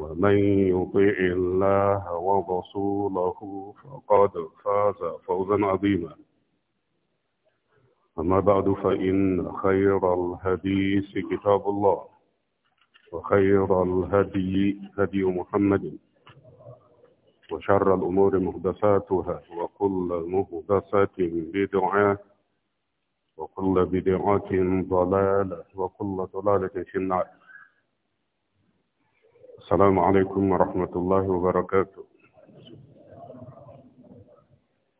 ومن يطع الله ورسوله فقد فاز فوزا عظيما أما بعد فإن خير الحديث كتاب الله وخير الهدي هدي محمد وشر الأمور محدثاتها وكل محدثات بدعة وكل بدعة ضلالة وكل ضلالة في النار السلام عليكم ورحمة الله وبركاته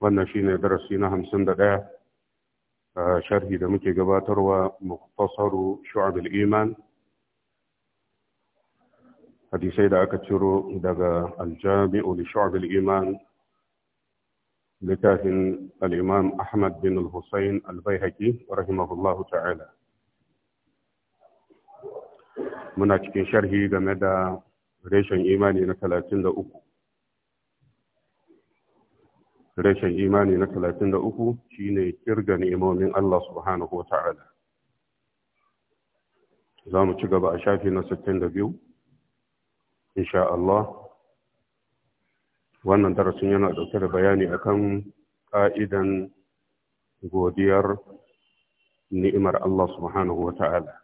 وانا شين درسينا هم سند شرحي دمك جباتر ومختصر شعب الإيمان هذه سيدة أكتشرو دقا الجامع لشعب الإيمان لكاه الإمام أحمد بن الحسين البيهقي رحمه الله تعالى muna cikin sharhi game da reshen imani na talatin da uku reshen imani na talatin da uku shi ne kirga ni'imomin Allah subhanahu wa ta'ala za mu ci gaba a shafi na sittin da biyu insha Allah wannan darasin yana ɗauke da bayani akan ƙa'idan godiyar ni'imar Allah subhanahu wa ta'ala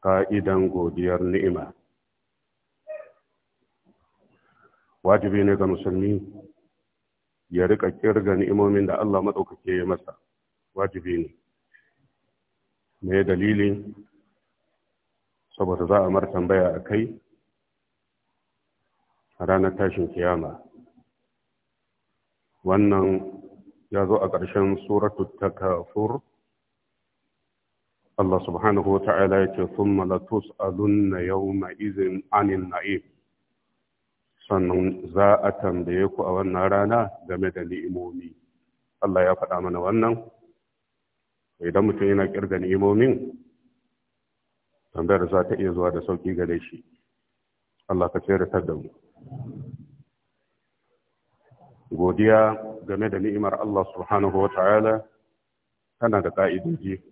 ka'idan godiyar ni'ima wajibi ne ga musulmi ya rika ƙirga ni'imomin da Allah maɗaukake ya masa wajibi ne me dalili saboda za a mar tambaya a kai a ranar tashin kiyama wannan ya zo a ƙarshen suratu takafur Allah subhanahu wa ta'ala ya ce, Thumma alunna yau yawma izin anin na'im. Sannan za a tambaye ku a wannan rana game da ni'imomi. Allah ya faɗa mana wannan. Idan mutum yana ƙirga ni'imomin, tambayar za ta iya zuwa da sauƙi gare shi. Allah ka ce da mu. Godiya game da ni'imar Allah subhanahu wa ta'ala tana da ƙa'idoji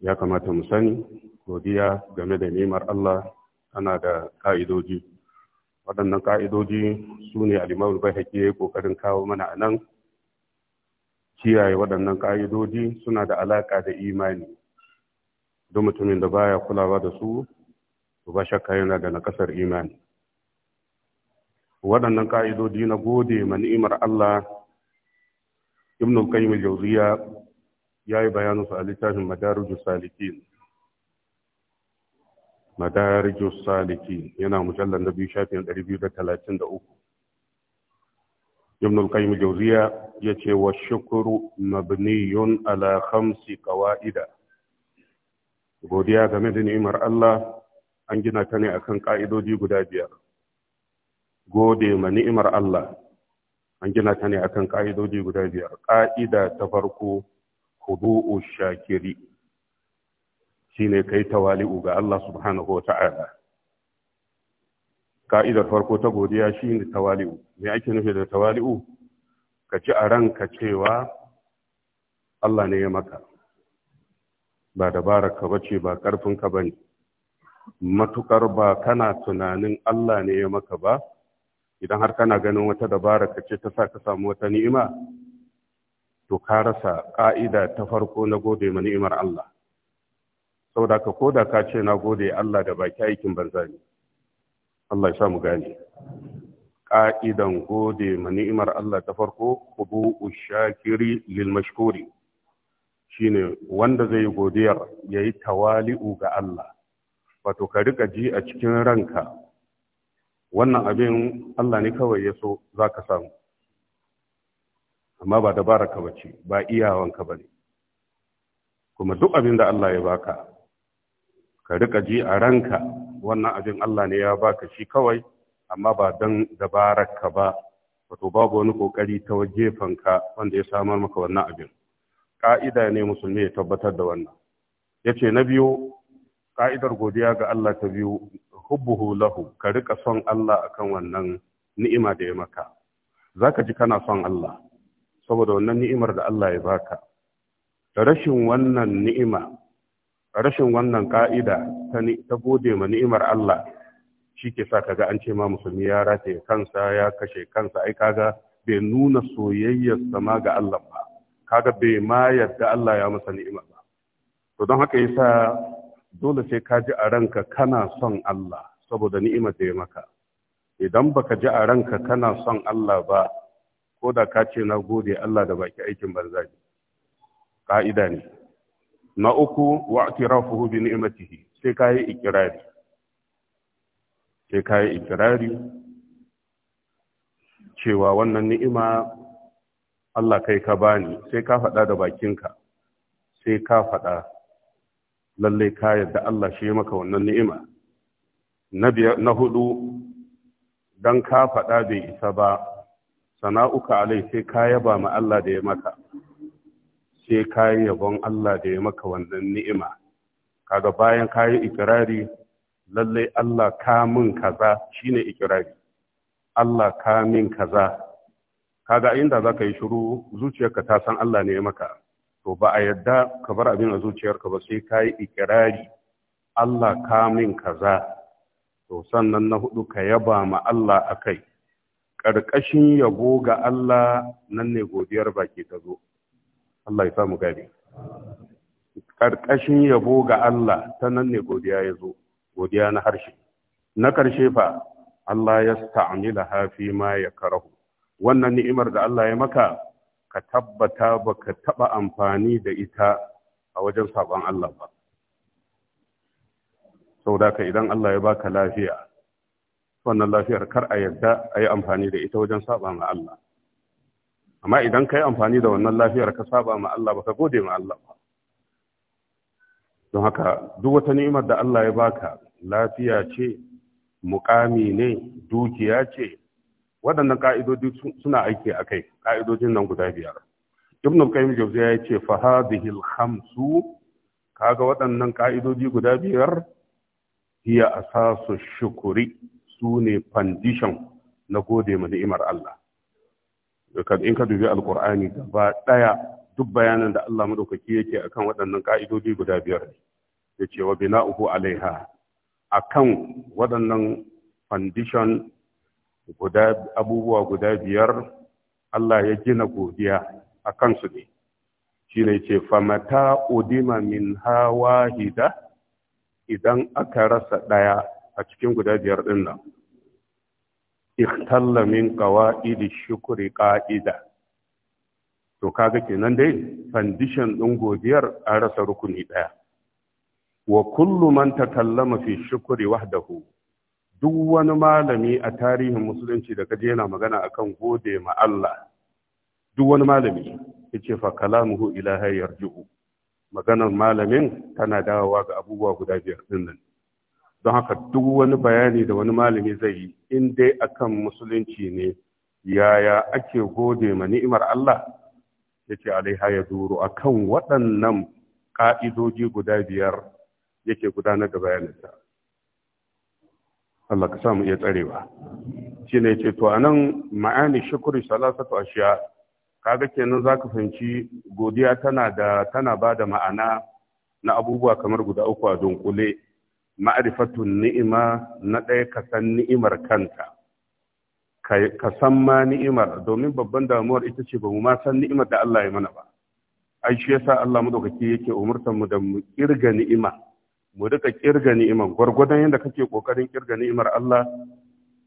ya kamata mu sani godiya game da nemar Allah ana da ka'idoji waɗannan ka'idoji su ne alimawul bai haƙi ya yi ƙoƙarin kawo mana a nan kiyaye waɗannan ka'idoji suna da alaƙa da imani don mutumin da baya kulawa da su to ba shakka yana da nakasar imani waɗannan ka'idoji na gode ma ni'imar Allah ibn al-qayyim al ya yi bayaninsu a littafin madarujus salikin madarujus salikin yana mujallar na biyu shafin 233 ibn al-qayyim jawziya yace wa shukru mabniyun ala khamsi qawaida godiya game da ni'imar Allah an gina ta ne akan ka'idoji guda biyar gode ma ni'imar Allah an gina ta ne akan ka'idoji guda biyar ka'ida ta farko Kudu'u shakiri shine kai tawali'u ga Allah subhanahu wata'ala ka'idar farko ta godiya shine tawali'u me ake nufi da tawali'u ka ci a ranka cewa Allah ne ya maka ba dabararka bace ba ka bane matukar ba kana tunanin Allah ne ya maka ba idan har kana ganin wata dabara ka ce ta sa ka samu wata ni'ima to ka rasa ƙa'ida ta farko na gode ma ni'imar Allah saboda ka koda ka ce na gode Allah da baki aikin banza ne Allah ya mu gane ƙa'idan gode ma ni'imar Allah ta farko hubu ushakiri lil mashkuri ne wanda zai godiyar ya yi tawali'u ga Allah wato ka rika ji a cikin ranka wannan abin Allah ne kawai ya so za ka samu amma ba dabaraka ka bace ba iyawanka bane kuma duk abin da Allah ya baka ka rika ji a ranka wannan abin Allah ne ya baka shi kawai amma ba dan dabaraka ba wato babu wani kokari ta waje fanka wanda ya samar maka wannan abin ka'ida ne musulmi ya tabbatar da wannan yace na biyu ka'idar godiya ga Allah ta biyu hubbuhu lahu ka rika son Allah akan wannan ni'ima da ya maka zaka ji kana son Allah saboda wannan ni'imar da Allah ya baka rashin wannan ni'ima rashin wannan ka'ida ta gode ma ni'imar Allah shi ke sa kaga an ce ma musulmi ya rataye kansa ya kashe kansa ai kaga bai nuna soyayyar sama ga Allah ba kaga bai ma yadda Allah ya masa ni'ima ba to don haka yasa dole sai ka ji a ranka kana son Allah saboda ni'imar da ya maka idan baka ji a ranka kana son Allah ba ko da ka ce na gode Allah da baki aikin banza ka'ida ne na uku wa atirafuhu bi ni'matihi sai ka yi ikirari sai ka yi ikirari cewa wannan ni'ima Allah kai ka bani sai ka faɗa da bakinka sai ka faɗa lallai ka yarda Allah shi maka wannan ni'ima na hudu don ka faɗa bai isa ba sana'uka alai sai ka yaba ma Allah da ya maka sai ka yi yabon Allah da ya maka wannan ni'ima kaga bayan ka yi ikirari lalle Allah ka min kaza shine ikirari Allah ka min kaza kaga inda za ka yi shiru zuciyarka ta san Allah ne ya maka to ba a yadda ka bar abin a zuciyarka ba sai ka yi ikirari Allah ka min kaza to sannan na hudu ka yaba ma Allah akai ƙarƙashin yabo ga Allah nan ne godiyar baki ta zo Allah ya samu gari. ƙarƙashin yabo ga Allah ta nan ne godiya ya zo godiya na harshe na ƙarshe fa Allah ya sta'amila hafi ma ya karahu wannan ni'imar da Allah ya maka ka tabbata ba ka taɓa amfani da ita a wajen saɓon Allah ba sau da ka idan Allah ya baka lafiya wannan lafiyar kar a yadda a yi amfani da ita wajen saba ma Allah amma idan ka yi amfani da wannan lafiyar ka saba ma Allah ba ka gode ma Allah ba don haka duk wata ni'imar da Allah ya baka lafiya ce mukami ne dukiya ce waɗannan ka'idodi suna aiki a kai ka'idodin nan guda biyar ibn al-qayyim jawziya ya ce fa hadhihi al-khamsu kaga waɗannan ka'idodi guda biyar hiya asasu shukuri su ne na gode ma ni'imar Allah in ka dubi alkur'ani gaba daya duk bayanan da Allah madaukaki yake akan waɗannan ƙa'idodi guda biyar ya ce wa bina'uhu alaiha akan waɗannan fandishon abubuwa guda biyar Allah ya gina godiya a kansu ne shi ne ce famata udima min hawahida idan aka rasa ɗaya a cikin guda biyar ɗin nan ikhtalla min qawaidi shukri qa'ida to kaga kenan dai condition din godiyar an rasa rukuni daya wa kullu man takallama fi shukri wahdahu duk wani malami a tarihin musulunci da kaje yana magana akan gode ma Allah duk wani malami yace fa kalamuhu ilaha yarju'u maganar malamin tana dawowa ga abubuwa guda biyar din nan don haka duk wani bayani da wani malami zai yi in dai akan musulunci ne yaya ake gode ma ni'imar Allah yake alaiha ya duru akan waɗannan ƙa'idoji guda biyar yake gudanar da ta Allah ka samu iya tsarewa shi ne ce to anan ma'ani shukuri salasatu ashiya kaga kenan zaka fahimci godiya tana da tana bada ma'ana na abubuwa kamar guda uku a dunkule ma'rifatun ni'ima na ɗaya ka san ni'imar kanta ka san ma ni'imar domin babban damuwar ita ce ba mu ma san ni'imar da Allah ya mana ba ai shi yasa Allah madaukaki yake umurtar mu da mu kirga ni'ima mu duka kirga ni'iman gwargwadon yadda kake kokarin kirga ni'imar Allah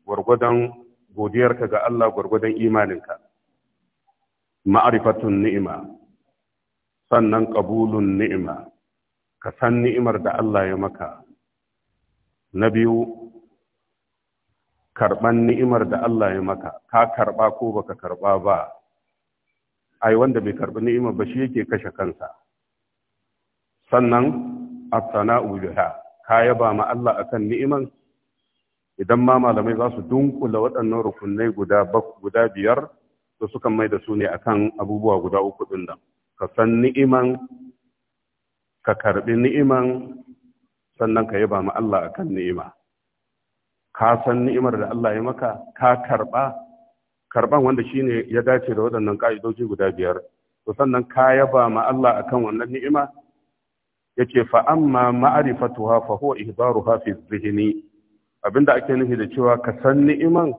gwargwadon godiyarka ga Allah gwargwadon imaninka ma'rifatun ni'ima sannan qabulun ni'ima ka san ni'imar da Allah ya maka na biyu karɓan ni'imar da Allah ya maka ka karɓa ko baka karɓa ba ai wanda bai karɓi ni'imar ba shi yake kashe kansa sannan as sanau biha ka yaba ma Allah akan ni'iman idan ma malamai za su dunkula waɗannan rukunai guda guda biyar to suka mai da su ne akan abubuwa guda uku ɗin nan ka san ni'iman ka karɓi ni'iman sannan ka yaba ma Allah akan ni'ima ka san ni'imar da Allah ya maka ka karba karban wanda shine ya dace da waɗannan ka'idoji guda biyar to sannan ka yaba ma Allah akan wannan ni'ima yace fa amma ma'rifatuha fa huwa ihdaruha fi abinda ake nufi da cewa ka san ni'iman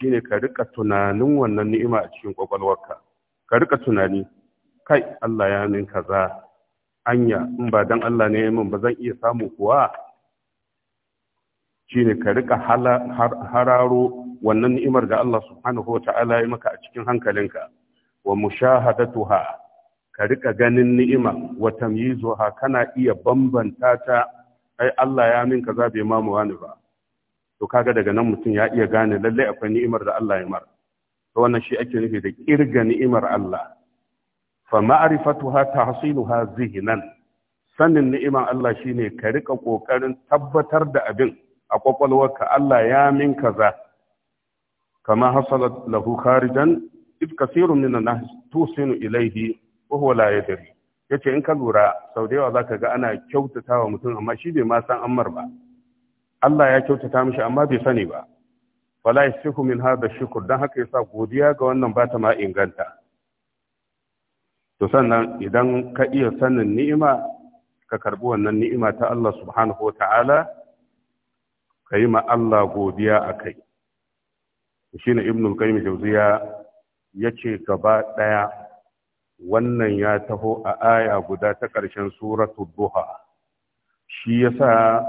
shine ka rika tunanin wannan ni'ima a cikin kwakwalwarka ka rika tunani kai Allah ya min kaza anya in ba dan Allah ne min ba zan iya samu kuwa shine ka rika hararo wannan ni'imar da Allah subhanahu wa ta'ala ya maka a cikin hankalinka wa mushahadatuha ka rika ganin ni'ima wa tamyizuha kana iya bambanta ta ai Allah ya min kaza bai ma wani ba to kaga daga nan mutum ya iya gane lalle akwai ni'imar da Allah ya mara to wannan shi ake nufi da kirga ni'imar Allah fa ma'rifatuha tahsiluha nan. sanin ni'iman Allah shine ka rika kokarin tabbatar da abin a kwakwalwarka Allah ya min kaza kama hasalat lahu kharijan id kasirun min an-nas tusinu ilayhi wa huwa la yadri yace in ka lura sau da yawa zaka ga ana wa mutum amma shi bai ma san ammar ba Allah ya kyautata mishi amma bai sani ba wala yasihu min hada shukr dan haka yasa godiya ga wannan ba ta ma inganta to sannan idan ka iya sanin ni'ima ka karbi wannan ni'ima ta Allah subhanahu wata'ala ka yi ma Allah godiya a kai shine ibn al-qayyim jawziya ce gaba ɗaya wannan ya taho a aya guda ta ƙarshen suratul duha shi yasa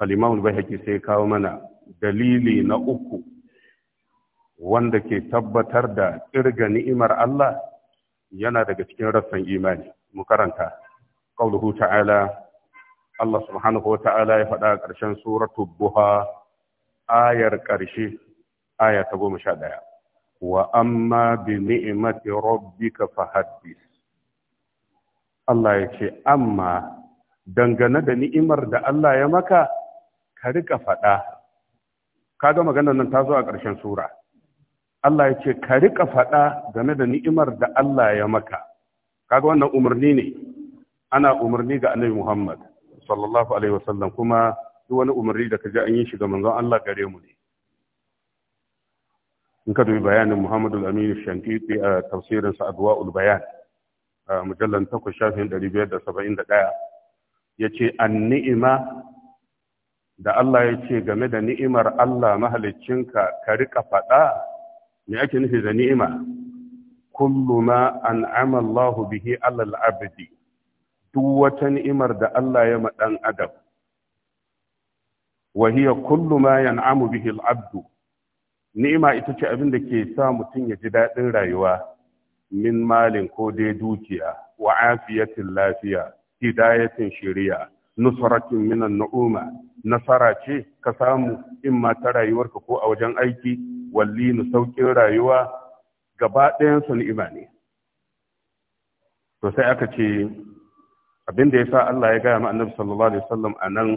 al-imam al-bayhaqi sai kawo mana dalili na uku wanda ke tabbatar da kirga ni'imar Allah yana daga cikin rassan imani mu karanta qauluhu ta'ala Allah subhanahu wa ta'ala ya faɗa ƙarshen suratu buha ayar ƙarshe aya ta goma sha ɗaya wa amma bi ni'imati rabbika fahaddis Allah ya ce amma dangane da ni'imar da Allah ya maka ka rika faɗa kaga maganar nan ta zo a ƙarshen sura Allah ya ce ka riƙa faɗa game da ni'imar da Allah ya maka kaga wannan umarni ne ana umarni ga annabi Muhammad sallallahu alaihi wasallam kuma duk wani umarni da ka ji an yi shi ga manzon Allah gare mu ne in ka dubi bayanin Muhammadu Aminu Shankiti a tafsirin sa Adwa'ul Bayan a mujallan 8 shafin ya yace an-ni'ima da Allah ya ce game da ni'imar Allah mahaliccinka ka rika faɗa me ake nufi da ni'ima kullu ma an'ama Allahu bihi 'alal 'abdi duk wata ni'imar da Allah ya ma dan adam wa hiya kullu ma yan'amu bihi al-'abdu ni'ima ita ce abin da ke sa mutum ya ji dadin rayuwa min malin ko dai dukiya wa afiyatin lafiya hidayatin shari'a nusratin minan nu'uma nasara ce ka samu in ta rayuwarka ko a wajen aiki wallinu sauƙin rayuwa gaba ɗayan su ni'ima ne to sai aka ce abin da ya sa Allah ya gaya ma annabi sallallahu alaihi wasallam a nan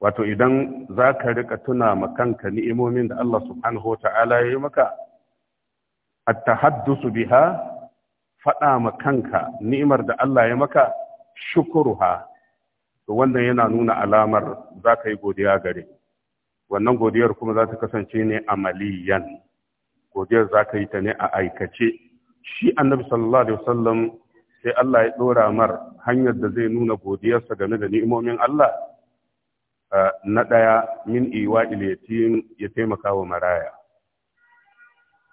wato idan za ka rika tuna ma kanka ni'imomin da Allah subhanahu wa ta'ala ya yi maka A tahaddusu biha faɗa ma kanka ni'imar da Allah ya maka shukuruha to wannan yana nuna alamar za ka yi godiya gare wannan godiyar kuma za ta kasance ne a maliyan. godiyar za ka yi ta ne a aikace shi annabi sallallahu alaihi wasallam sai Allah ya dora mar hanyar da zai nuna godiyarsa game da ni'imomin Allah na ɗaya min iwa yatim ya taimaka wa maraya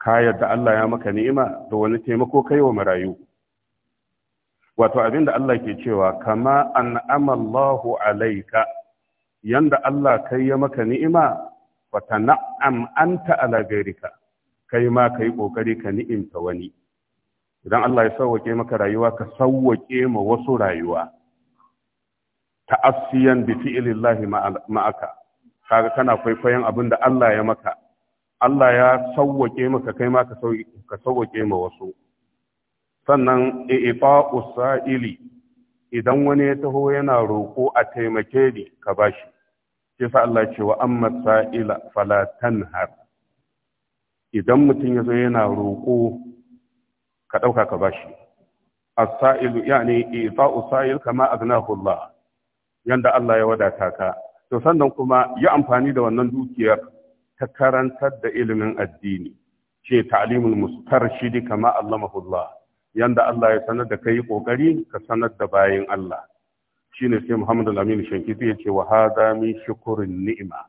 ka yadda Allah ya maka ni'ima da wani taimako kai wa marayu wato abinda Allah ke cewa kama an amallahu alaika yanda Allah kai ya maka ni'ima wa tan'am anta ala ghairika kai ma kai kokari ka ni'imta wani idan Allah ya sauwake maka rayuwa ka sauwake ma wasu rayuwa Asiyan bi fi'lillahi ma'aka kaga kana kwaikwayon abin da Allah ya maka Allah ya sauwake maka kai ma ka sauwake ma wasu sannan i'ta'us sa'ili idan wani ya taho yana roƙo a taimake ni ka bashi shi sa Allah ce wa amma sa'ila fala tanhar idan mutum ya zo yana roƙo ka ɗauka ka bashi as-sa'ilu yani ifa'u sa'il kama aghnahu Allah yanda Allah ya wadata ka to sannan kuma yi amfani da wannan dukiyar ta karantar da ilimin addini ce ta'limul mustarshidi kama allamahu Allah yanda Allah ya sanar da kai kokari ka sanar da bayan Allah Shi ne sai Muhammadu Aminu Shankiti ya ce wa hada mi shukurin ni'ima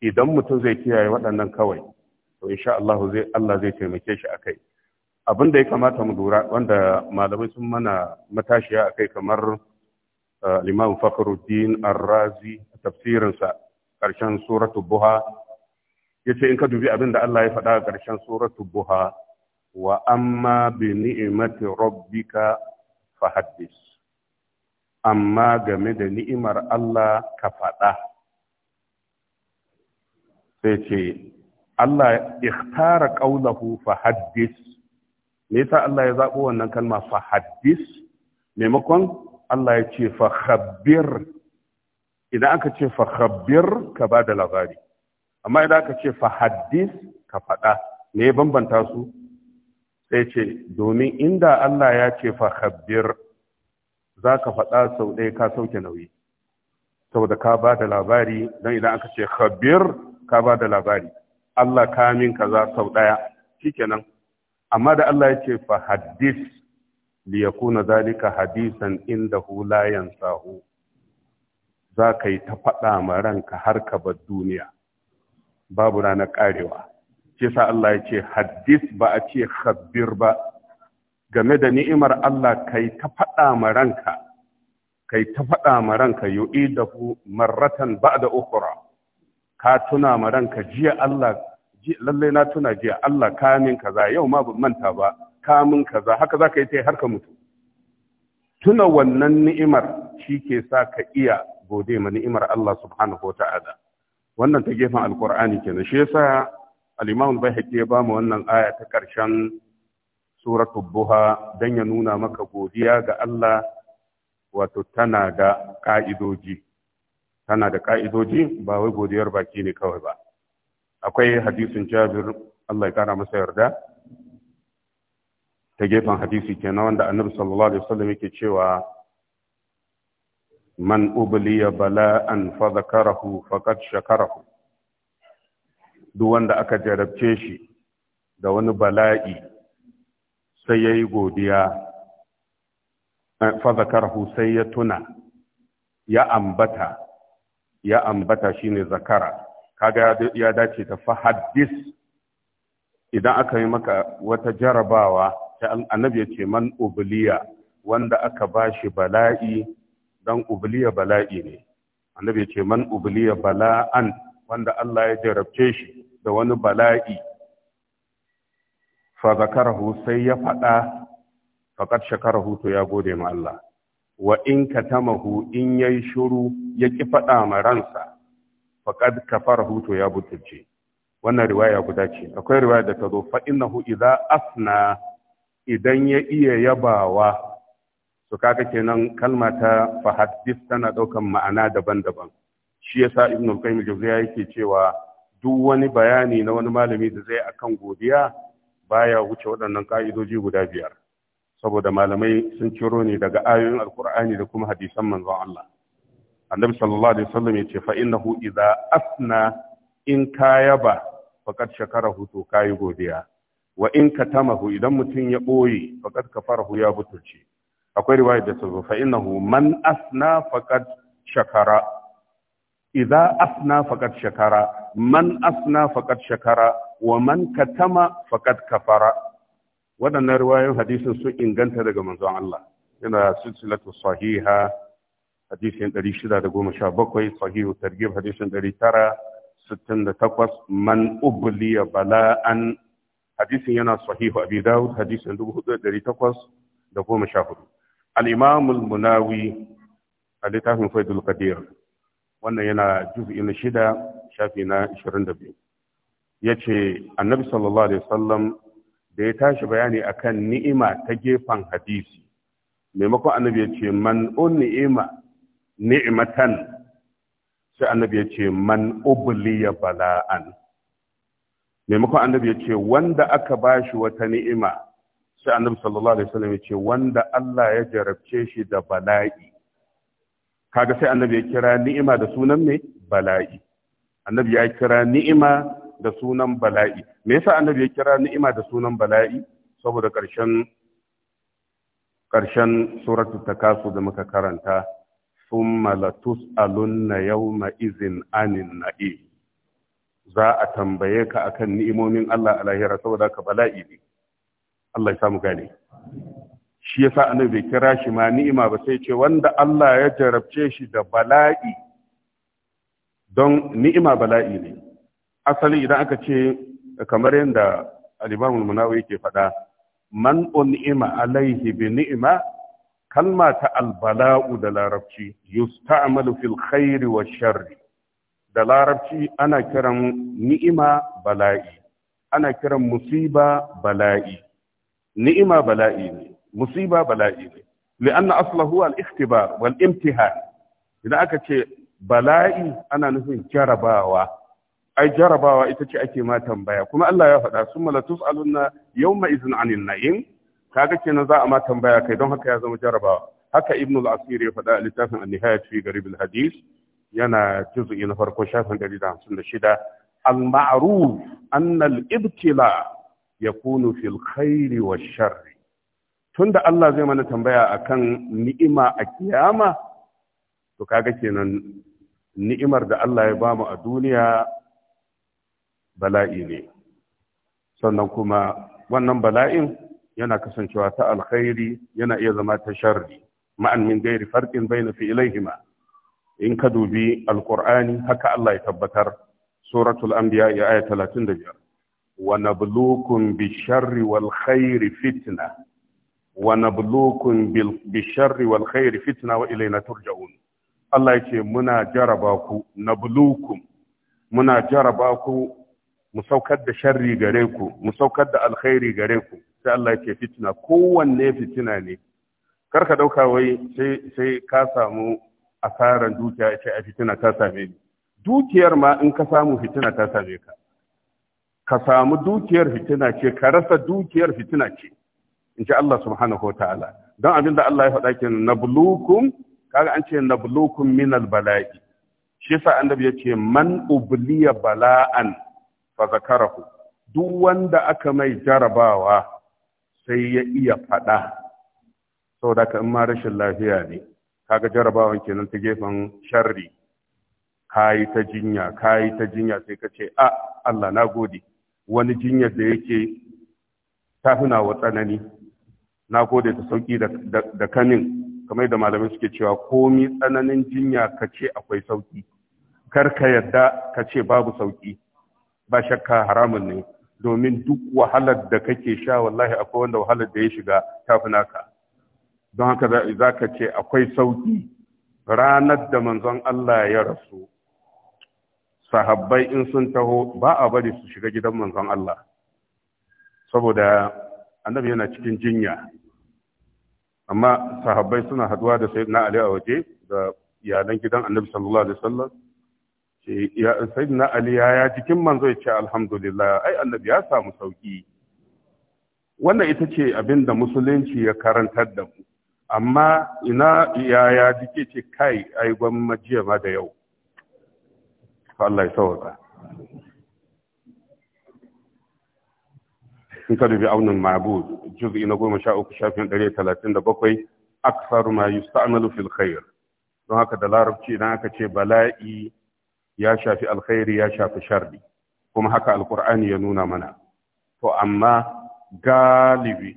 idan mutum zai kiyaye waɗannan kawai to insha Allah zai Allah zai taimake shi akai abin da ya kamata mu lura wanda malamai sun mana matashiya akai kamar eh, Imam Fakhruddin Ar-Razi tafsirinsa ƙarshen suratu Buha yace in ka dubi abin da Allah ya faɗa a ƙarshen suratu Buha wa amma bi ni'imati rabbika fahaddis amma game da ni'imar Allah ka faɗa sai ce Allah ikhtara qaulahu fahaddis me yasa Allah ya zabo wannan kalma fahaddis maimakon Allah ya ce fa khabbir idan aka ce fa khabbir ka da labari amma idan aka ce fa haddis ka faɗa me ya bambanta su sai ce domin inda Allah ya ce fa khabbir za ka faɗa sau ɗaya ka sauke nauyi saboda ka bada da labari don idan aka ce khabbir ka ba da labari Allah ka min kaza sau ɗaya shikenan amma da Allah ya ce fa hadis li yakuna zalika hadisan indahu la yansahu za ka yi ta faɗa ma ranka har ka bar duniya babu ranar ƙarewa shi yasa Allah ya ce haddis ba a ce khabbir ba game da ni'imar Allah kai ta faɗa ma ranka kai ta faɗa ma ranka yu'idahu marratan ba'da ukhra ka tuna ma ranka jiya Allah lallai na tuna jiya Allah min kaza yau ma ban manta ba kamin kaza haka zaka yi ta har ka mutu tuna wannan ni'imar shi ke sa ka iya gode ma ni'imar Allah subhanahu wata'ala wannan ta gefen alkur'ani kenan shi yasa alimam imam al ba ya bamu wannan aya ta ƙarshen suratu buha don ya nuna maka godiya ga Allah wato tana da ƙa'idoji tana da ƙa’idoji ba wai godiyar baki ne kawai ba akwai hadisun Jabir Allah ya kara masa yarda ta gefen hadisi kenan wanda annabi sallallahu alaihi wasallam yake cewa man ubliya bala'an fa zakarahu faqad shakarahu duk wanda aka jarabce shi da wani bala'i sai ya yi godiya eh, fazakarhu sai ya tuna ya ambata ya ambata shine zakara kaga ya dace ta fahaddis idan aka yi maka wata jarabawa ta annabi ya ce man ubliya wanda aka ba shi bala'i don ubliya bala'i ne annabi ya ce man ubliya bala'an wanda Allah ya jarabce shi da wani bala'i fa zakarahu sai ya faɗa faqad shakarahu to ya gode ma Allah wa in katamahu in yayi shuru ya ki faɗa ma ransa faqad kafarahu to ya butulce wannan riwaya guda ce akwai riwaya da ta zo fa innahu idza asna idan ya iya yabawa to kaga kenan kalma ta fa tana daukan ma'ana daban-daban shi yasa ibn al-qayyim jawziya yake cewa duk wani bayani na wani malami da zai akan godiya baya wuce waɗannan ka'idoji guda biyar saboda malamai sun ciro ne daga ayoyin alkur'ani da kuma hadisan manzon Allah annabi sallallahu alaihi wasallam yace fa innahu idza asna in kayaba faqad shakarahu to kayi godiya wa in katamahu idan mutum ya boye faqad kafarahu ya butulci akwai riwaya da ta fa innahu man asna faqad shakara idza asna faqad shakara man asna faqad shakara wa man katama faqad kafara waɗannan riwayoyin hadisin sun inganta daga manzon Allah yana silsilatu sahiha hadisin 617 sahihu targhib hadisin 968 man ubliya bala'an hadisin yana sahihu abi dawud hadisin 4814 al-imam al-munawi a littafin faidul qadir wannan yana juz'i na shida shafi na 22 yace annabi sallallahu alaihi wasallam da ya tashi bayani akan ni'ima ta gefen hadisi maimakon annabi ya ce man ni'ima ni'matan sai annabi ya ce man ubliya bala'an maimakon annabi ya ce wanda aka bashi wata ni'ima sai annabi sallallahu alaihi wasallam ya ce wanda Allah ya jarabce shi da bala'i kaga sai annabi ya kira ni'ima da sunan ne bala'i annabi ya kira ni'ima da sunan bala'i me yasa annabi ya kira ni'ima da sunan bala'i saboda karshen karshen suratul takasu da muka karanta thumma latus'alunna yawma izin anin na'i za a tambaye ka akan ni'imomin Allah a lahira saboda ka bala'i ne Allah ya samu gane shi yasa annabi bai kira shi ma ni'ima ba sai ce wanda Allah ya jarabce shi da bala'i don ni'ima bala'i ne asali idan aka ce kamar yadda al-Imam al-Munawi yake faɗa man un'ima alaihi bi ni'ima kalma ta albala'u da larabci yusta'malu fil khairi wa sharri da larabci ana kiran ni'ima bala'i ana kiran musiba bala'i ni'ima bala'i ne musiba bala'i ne li'anna aslahu al-ikhtibar wal imtihan idan aka ce bala'i ana nufin jarabawa ai jarabawa ita ce ake ma tambaya kuma Allah ya faɗa summa la tus'aluna yawma idhin 'anil na'im kaga kenan za a ma tambaya kai don haka ya zama jarabawa haka ibnu al-asir ya faɗa a littafin an-nihayat fi garib al-hadith yana juz'i na farko shafin 156 al-ma'ruf anna al-ibtila yakunu fil khairi wash-sharri tunda Allah zai mana tambaya akan ni'ima a kiyama to kaga kenan ni'imar da Allah ya bamu a duniya bala'i ne sannan kuma wannan bala'in yana kasancewa ta alkhairi yana iya zama ta sharri ma'an min gairi fi ilai fi'laihima in ka dubi alkur'ani haka Allah ya tabbatar suratul anbiya ya aya 35 wa nabluukum bish-sharri wal khairi fitna wa nabluukum bil sharri wal khairi fitna wa ilayna turja'un Allah yake muna jaraba ku nabluukum muna jaraba ku mu saukar da sharri gare ku mu saukar da alkhairi gare ku sai Allah yake fitina kowanne fitina ne karka ɗauka wai sai ka samu asarar dukiya ce a fitina ta same ni dukiyar ma in ka samu fitina ta same ka ka samu dukiyar fitina ce ka rasa dukiyar fitina ce in ji Allah subhanahu wa ta'ala don abinda Allah ya faɗa ke bulukun, kaga an ce na bulukun minal bala'i shi yasa annabi yace man ubliya bala'an fa zakarahu duk wanda aka mai jarabawa sai ya iya faɗa saboda ka in ma rashin lafiya ne kaga jarabawan kenan ta gefen sharri kayi ta jinya kayi ta jinya sai ka ce a ah, Allah na gode wani jinyar da yake tafuna wa tsanani na gode ta sauki da kanin. kamar da malamai suke cewa komi tsananin jinya ka ce akwai sauki kar ka yadda ka ce babu sauki ba shakka haramun ne domin duk wahalar da kake sha wallahi akwai wanda wahalar da ya shiga tafuna ka don haka za ka ce akwai sauki ranar da manzon Allah ya rasu sahabbai in sun taho ba a bari su shiga gidan manzon Allah saboda annabi yana cikin jinya amma sahabbai suna haduwa da sayyidina ali a waje da iyalan gidan annabi sallallahu alaihi wasallam ce ya sayyidina ali ya ya cikin manzo ya ce alhamdulillah ai annabi ya samu sauki wannan ita ce abin da musulunci ya karantar da mu amma ina ya ya jike ce kai ai gwamnati ma da yau Allah ya sauka in ka dubi aunin mabud juz'i na goma sha uku shafin ɗari talatin da bakwai aksaru ma yusta'malu fil khair don haka da larabci idan aka ce bala'i ya shafi alkhairi ya shafi sharri kuma haka alkur'ani ya nuna mana to amma galibi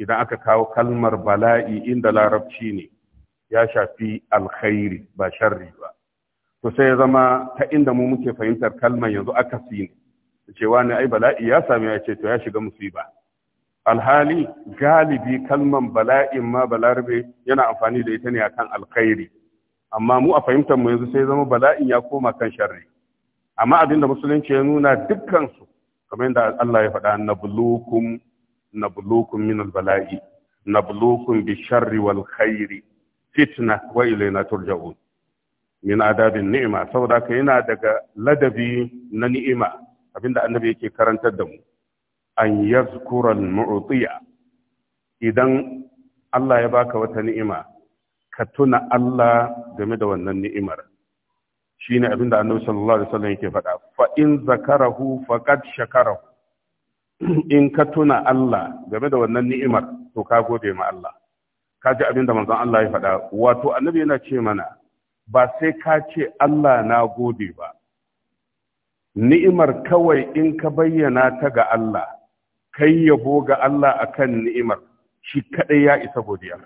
idan aka kawo kalmar bala'i inda larabci ne ya shafi alkhairi ba sharri ba to sai ya zama ta inda mu muke fahimtar kalmar yanzu akasi ne cewa ne ai bala'i ya sami ya ce to ya shiga musiba alhali galibi kalman bala'in ma balarbe yana amfani da ita ne akan alkhairi amma mu a fahimtar mu yanzu sai zama bala'in ya koma kan sharri amma abin da musulunci ya nuna dukkansu, kamar yadda Allah ya faɗa na nablukum min albala'i nablukum bi sharri wal khairi fitna wa ilayna turja'un min adabin ni'ima saboda ka yana daga ladabi na ni'ima abinda annabi yake karantar da mu an yazkura mutiya idan Allah ya baka wata ni'ima ka tuna Allah game da wannan ni'imar shine abinda annabi sallallahu alaihi wasallam yake faɗa fa in zakarahu faqad shakarahu in ka tuna Allah game da wannan ni'imar to ka gode ma Allah ka ji abinda manzon Allah ya faɗa wato annabi yana ce mana ba sai ka ce Allah na gode ba ni'imar kawai in ka bayyana ta ga Allah kai yabo ga Allah akan ni'imar shi kadai ya isa godiya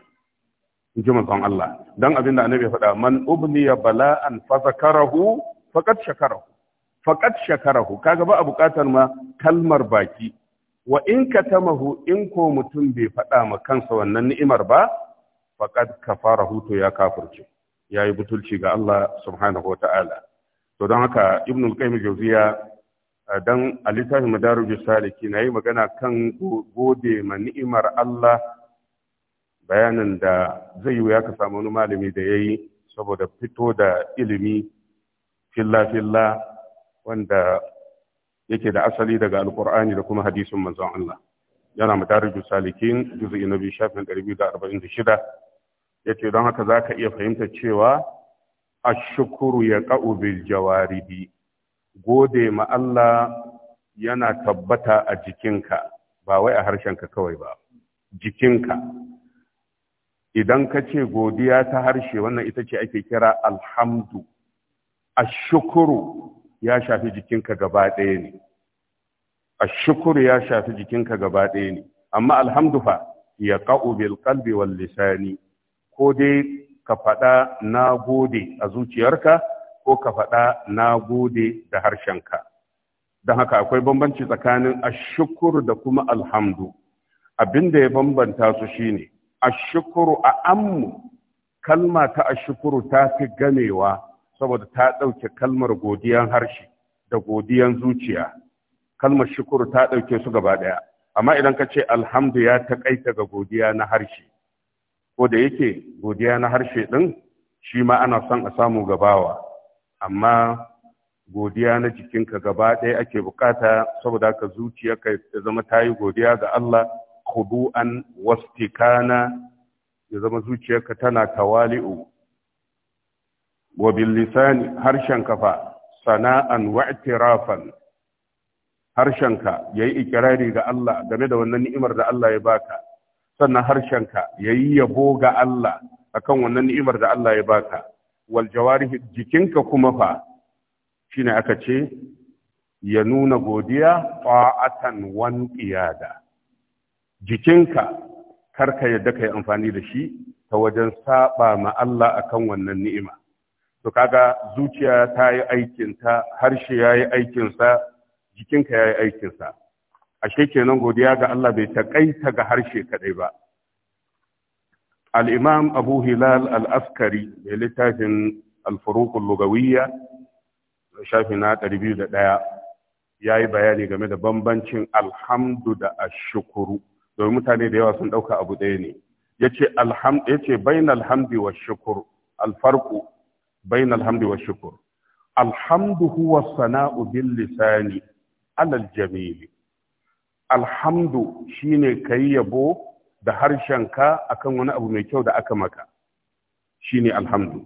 in ji manzon Allah dan abin da annabi faɗa man ya bala'an fa zakarahu faqad shakarahu faqad shakarahu kaga ba a buƙatar ma kalmar baki wa in tamahu in ko mutum bai faɗa ma kansa wannan ni'imar ba faqad kafarahu to ya kafirce yayi butulci ga Allah subhanahu wataala to don haka ibn al-qayyim jawziya dan alitahi madarij saliki nayi magana kan gode ma ni'imar Allah bayanin da zai yi ya ka samu wani malami da yayi saboda fito da ilimi filla filla wanda yake da asali daga alqur'ani da kuma hadisin manzon Allah yana madarij salikin juz'i na biyu 246 yace don haka zaka iya fahimta cewa ashukuru ya bil jawarihi gode ma Allah yana tabbata a jikinka ba wai a harshenka kawai ba jikinka idan ka ce godiya ta harshe wannan ita ce ake kira alhamdu ashukuru ya shafi jikinka gaba ɗaya ne ashukuru ya shafi jikinka gaba ɗaya ne amma alhamdu fa ya bil ƙalbi wal lisani ko dai ka faɗa na gode a zuciyarka ko ka faɗa na gode da harshenka don haka akwai bambanci tsakanin ashukur da kuma alhamdu abin da ya bambanta su shine ashukuru a ammu kalma ta ashukuru ta fi ganewa saboda ta ɗauke kalmar godiyan harshe da godiyan zuciya kalmar shukuru ta ɗauke su gaba ɗaya amma idan ka ce alhamdu ya taƙaita ga godiya na harshe ko da yake godiya na harshe ɗin shi ma ana son a samu gabawa amma godiya na jikinka gaba ɗaya ake bukata saboda ka zuciyarka ya zama ta yi godiya ga Allah khudu'an wastikana ya zama zuciyarka tana tawali'u wa bil lisani harshen kafa sana'an wa i'tirafan harshenka yayi ikirari ga Allah game da wannan ni'imar da Allah ya baka sannan harshenka ya yi yabo ga Allah a kan wannan ni'imar da Allah ya baka wal jawarihi jikinka kuma fa shi ne aka ce ya nuna godiya fa'atan wan qiyada jikinka karka yadda kai amfani da shi ta wajen saba ma Allah akan wannan ni'ima to kaga zuciya ta yi aikinta harshe ya yi aikinsa jikinka ya yi aikinsa ashe kenan godiya ga Allah bai taƙaita ga harshe kadai ba al-imam abu hilal al-askari mai littafin al-furuq al-lugawiyya shafi na ya yayi bayani game da bambancin alhamdu da ashukuru. domin mutane da yawa sun ɗauka abu ɗaya ne yace alhamd yace bainal wa shukr alfarqu bainal hamdi wa shukr alhamdu huwa sana'u bil lisani alal jamili alhamdu shine kayi yabo da harshenka akan wani abu mai kyau da aka maka shine alhamdu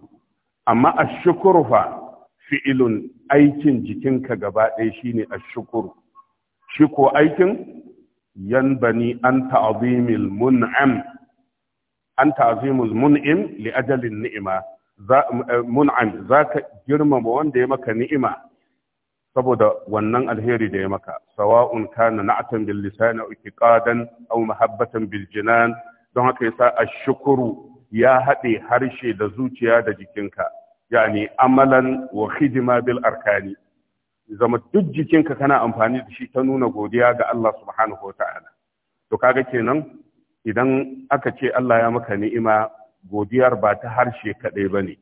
amma ashkuru fa fi'ilun aikin jikinka gaba ɗaya shine shukuru. shi ko aikin yanbani an mun'am an ta'zimul mun'im li ajalin ni'ima eh, mun'am zaka girmama wanda ya maka ni'ima saboda wannan alheri da ya maka sawa'un kana na'atan bil lisan aw iqadan aw mahabbatan bil jinan don haka yasa ashkuru ya haɗe harshe da zuciya da jikinka yani amalan wa khidma bil arkani zama duk jikinka kana amfani da shi ta nuna godiya ga Allah subhanahu wata'ala to kaga kenan idan aka ce Allah ya maka ni'ima godiyar ba ta harshe kaɗai ba ne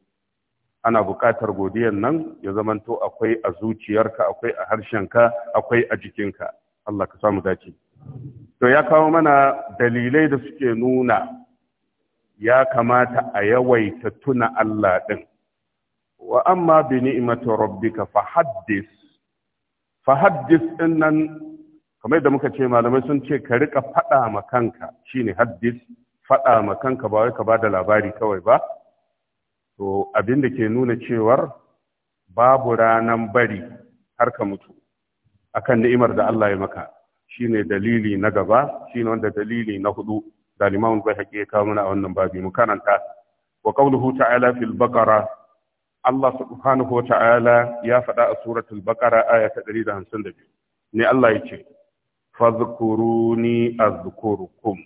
ana buƙatar godiyar nan ya zamanto akwai a zuciyarka akwai a harshenka akwai a jikinka Allah ka samu dace to ya kawo mana dalilai da suke nuna ya kamata a yawaita tuna Allah din wa amma bi ni'mati rabbika haddis? Fa haddis nan kamar da muka ce malamai sun ce ka rika faɗa ma kanka shine haddis faɗa ma kanka ba wai ka ba da labari kawai ba to abin da ke nuna cewar babu ranan bari har ka mutu akan ni'imar da Allah ya maka shine dalili na gaba shine wanda dalili na hudu da limamun bai haƙe ya kawo mana a wannan babi mu karanta wa qawluhu ta'ala fil baqara Allah subhanahu wa ta'ala ya faɗa a suratul baqara aya ta 152 ne Allah ya ce fadhkuruni azkurukum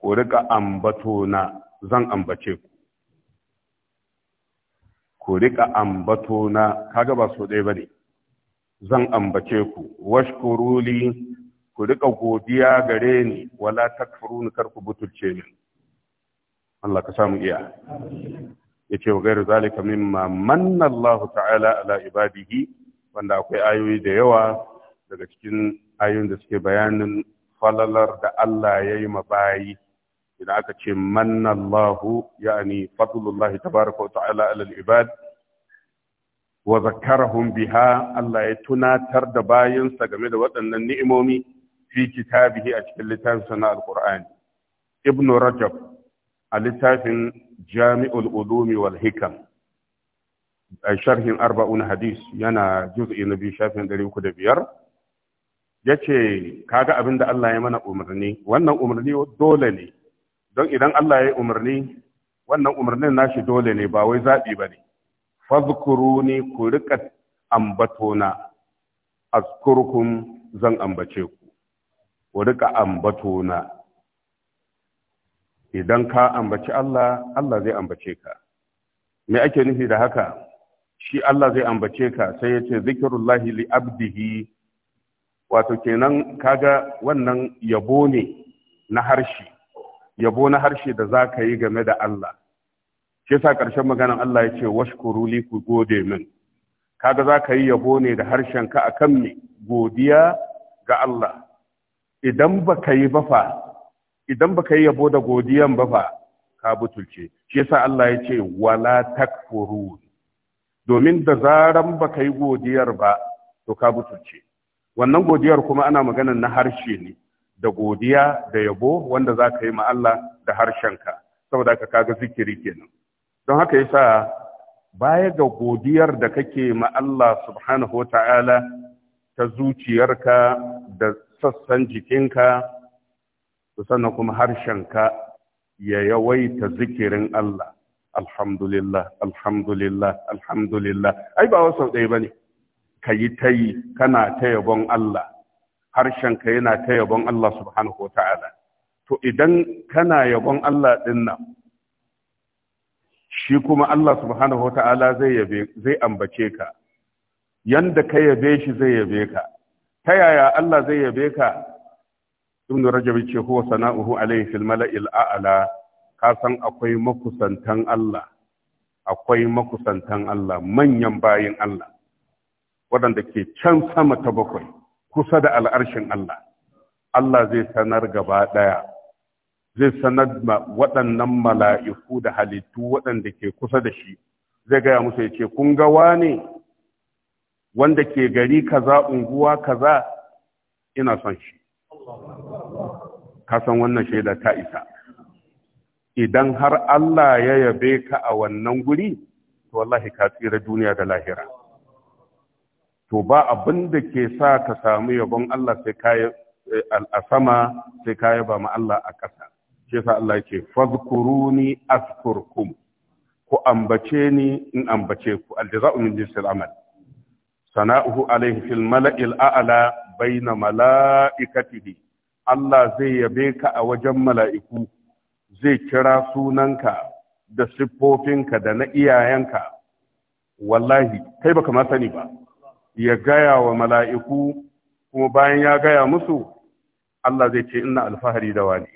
ku ambato ambatona zan ambace ku ku riƙa ambato na kaga ba so ɗaya ba ne zan ambace ku washkuruli ku riƙa godiya gare ni wala ni kar ku butulce min Allah ka samu iya yace wa gairu zalika mimma manna Allah ta'ala ala ibadihi wanda akwai ayoyi da yawa daga cikin ayoyin da suke bayanin falalar da Allah ya yi mabayi idan aka ce mannallahu ya'ani fadlullahi tabaraka wa ta'ala alal ibad wa zakkarahum biha Allah ya tunatar da bayansa game da waɗannan ni'imomi fi kitabihi a cikin littafinsa na alqur'ani ibn rajab a littafin jami'ul ulumi wal hikam a sharhin arba'un hadis yana juz'i na biyu shafin ɗari uku da biyar ya ce kaga abin da Allah ya mana umarni wannan umarni dole ne don idan Allah ya yi umarni wannan umarnin nashi dole ne ba wai zaɓi ba ne fazkuruni ku riƙa ambatona azkurkum zan ambace ku ku riƙa ambatona idan ka ambaci Allah Allah zai ambace ka me ake nufi da haka shi Allah zai ambace ka sai ya ce zikirullahi li abdihi wato kenan kaga wannan yabo ne na harshe yabo na harshe da za ka yi game da Allah shi sa ƙarshen maganan Allah ya ce washkuru li ku gode min kaga za ka yi yabo ne da harshen ka akan me godiya ga Allah idan baka yi bafa, idan idan baka yi yabo da godiyan bafa, ka butulce shi sa Allah ya ce wala takfurun domin da zaran ka yi godiyar ba to ka butulce wannan godiyar kuma ana maganan na harshe ne da godiya da yabo wanda za ka yi ma Allah da harshenka saboda ka kaga zikiri kenan don haka yasa baya ga godiyar da kake ma Allah subhanahu wa ta'ala ta zuciyarka da sassan jikinka sannan kuma harshenka ya yawaita zikirin Allah alhamdulillah alhamdulillah alhamdulillah ai ba wasu ɗaya bane ka yi ta yi kana ta yabon Allah harshenka yana ta yabon Allah subhanahu wa ta'ala. To idan kana yabon Allah ɗin nan, shi kuma Allah subhanahu wa ta'ala zai ambace ka, yanda ka yabe shi zai yabe ka, ta yaya Allah zai yabe ka, Ibn Rajab ce huwa sana'uhu alaihi fil mala'il a'ala, ka san akwai makusantan Allah, akwai makusantan Allah, manyan bayin Allah, waɗanda ke can sama ta bakwai. kusa da al'arshin Allah Allah zai sanar gaba ɗaya zai sanar da waɗannan mala'iku da halittu waɗanda ke kusa da shi zai gaya musu ya ce kun ga wane wanda ke gari kaza unguwa kaza ina son shi kasan wannan shaida ta isa idan har Allah ya yabe ka a wannan guri to wallahi ka tsira duniya da lahira to ba abin da ke sa ka samu yabon Allah sai kayi eh, a sama sai kayi ba ma Allah a ƙasa shi sa Allah yake fadkuruni askurkum. ku ambace ni in ambace ku aljaza'u min jinsil amal sana'uhu alaihi fil mala'il a'la baina mala'ikatihi Allah zai yabe ka a wajen mala'iku zai kira sunanka da siffofinka da na iyayenka wallahi kai baka ma sani ba ya gaya wa mala'iku kuma bayan ya gaya musu Allah zai ce ina alfahari da wani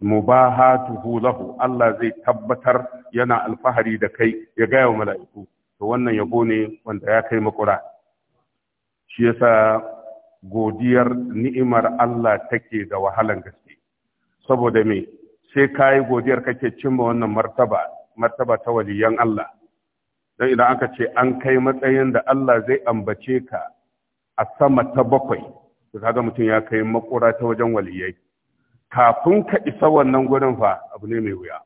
mubahatuhu lahu Allah zai tabbatar yana alfahari da kai ya gaya wa mala'iku to wannan yabo ne wanda ya kai makura shi yasa godiyar ni'imar Allah take da wahalan gaske saboda me sai kayi godiyar kake cimma wannan martaba martaba ta waliyan Allah don idan aka ce an kai matsayin da Allah zai ambace ka a sama ta bakwai to kaga mutum ya kai makura ta wajen waliyai kafin ka isa wannan gurin fa abu ne mai wuya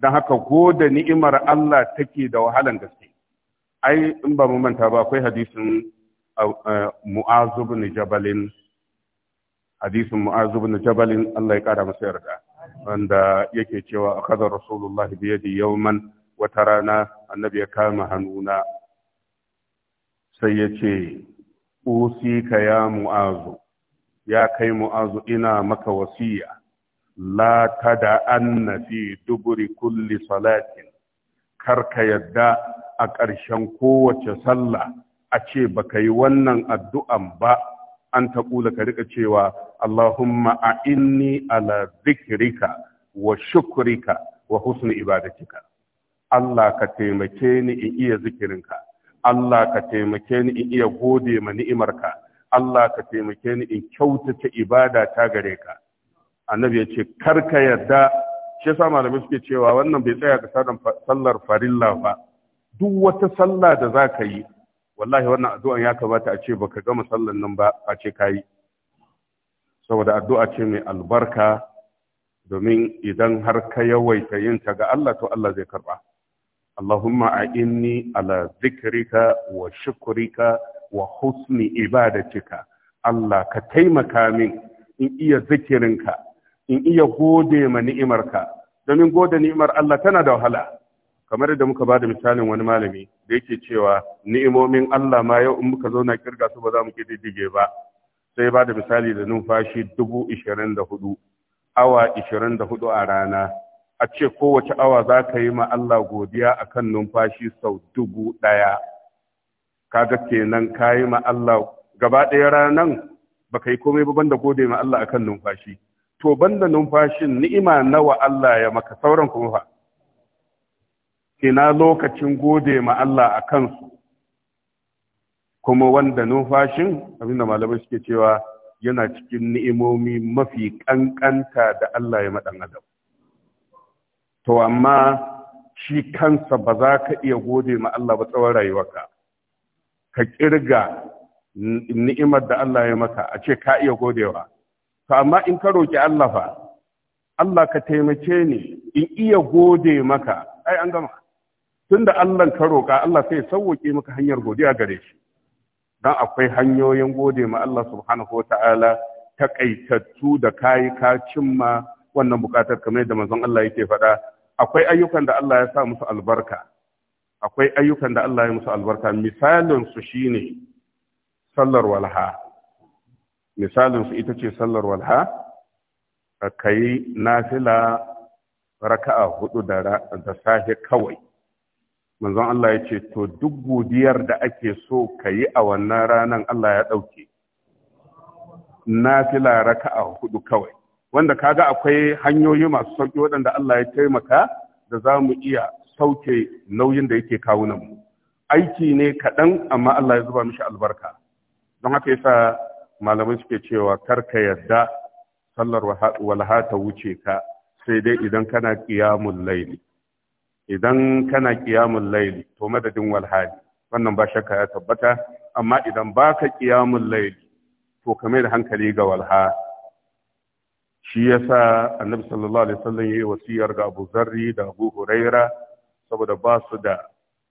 don haka goda ni'imar Allah take da wahalan gaske ai in ba mu manta ba akwai hadisin uh, uh, mu'az ibn jabalin hadisin mu'az ibn jabalin Allah ya kara masa yarda wanda yake cewa akhadha rasulullahi bi yadi yawman wata rana annabi ya kama hannuna sai ya ce usika ya mu'azu ya kai mu'azu ina maka wasiya la tada anna fi duburi kulli salatin karka yadda a ƙarshen kowace sallah a ce baka yi wannan addu'an ba an taƙula ka riƙa cewa Allahumma a inni ala zikirika wa shukurika wa husni ibadatika Allah ka taimake ni in iya zikirinka Allah ka taimake ni in iya gode ma ni'imarka Allah ka taimake ni in kyautata ibada ta gare ka annabi ya ce kar ka yarda shi yasa malamai suke cewa wannan bai tsaya ga sallar farilla ba duk wata sallah da za ka yi wallahi wannan addu'an ya kamata a ce baka gama sallar nan ba a ce yi. saboda addu'a ce mai albarka domin idan har ka yawaita yin ta ga Allah to Allah zai karba اللهم أعني على ذكرك وشكرك وحسن عبادتك الله كتيم كامل إن إيا ذكرك in iya gode ma ni'imarka دمين gode ni'imar Allah tana da wahala kamar da muka ba da misalin wani malami da yake cewa ni'imomin Allah ma yau in muka zauna kirga su ba za mu kididdige ba sai ba da misali da numfashi dubu ishirin da hudu awa ishirin da hudu a rana a ce kowace awa za ka yi ma Allah godiya a kan numfashi sau dubu ɗaya Ka ga kenan ka yi ma Allah gaba ɗaya ranar ba ka yi komai ba banda gode ma Allah a kan numfashi to banda numfashin ni'ima nawa Allah ya maka sauran kuma fa ina lokacin gode ma Allah a kansu kuma wanda numfashin abinda malamai suke cewa yana cikin ni'imomi mafi kankanta da Allah ya maɗan adam to amma shi kansa ba za ka iya gode ma Allah ba tsawon rayuwarka ka kirga ni'imar da Allah ya maka a ce ka iya godewa to amma in ka roki Allah fa Allah ka taimake ni in iya gode maka ai an gama tunda Allah ka roka Allah sai sauwake maka hanyar godiya gare shi dan akwai hanyoyin gode ma Allah subhanahu wataala takaitattu da kayi ka cimma wannan bukatar kamar yadda manzon Allah yake faɗa akwai ayyukan da Allah ya sa musu albarka akwai ayyukan da Allah ya musu albarka misalin su shine sallar walha misalin su ita ce sallar walha kai nafila raka'a hudu da da safe kawai manzon Allah ya ce to duk godiyar da ake so kayi a wannan ranan Allah ya ɗauke? nafila raka'a hudu kawai wanda kaga akwai hanyoyi masu sauki waɗanda Allah ya taimaka da za mu iya sauke nauyin da yake kawo mu aiki ne kaɗan amma Allah ya zuba mishi albarka don haka yasa malamai suke cewa kar ka yarda sallar walha ta wuce ka sai dai idan kana qiyamul laili, idan kana qiyamul to madadin walhali wannan ba shakka ya tabbata amma idan baka qiyamul laili to ka mai da hankali ga walha shi ya yasa annabi sallallahu alaihi wasallam yi wasiyar ga Abu Zarri da Abu Huraira saboda ba su da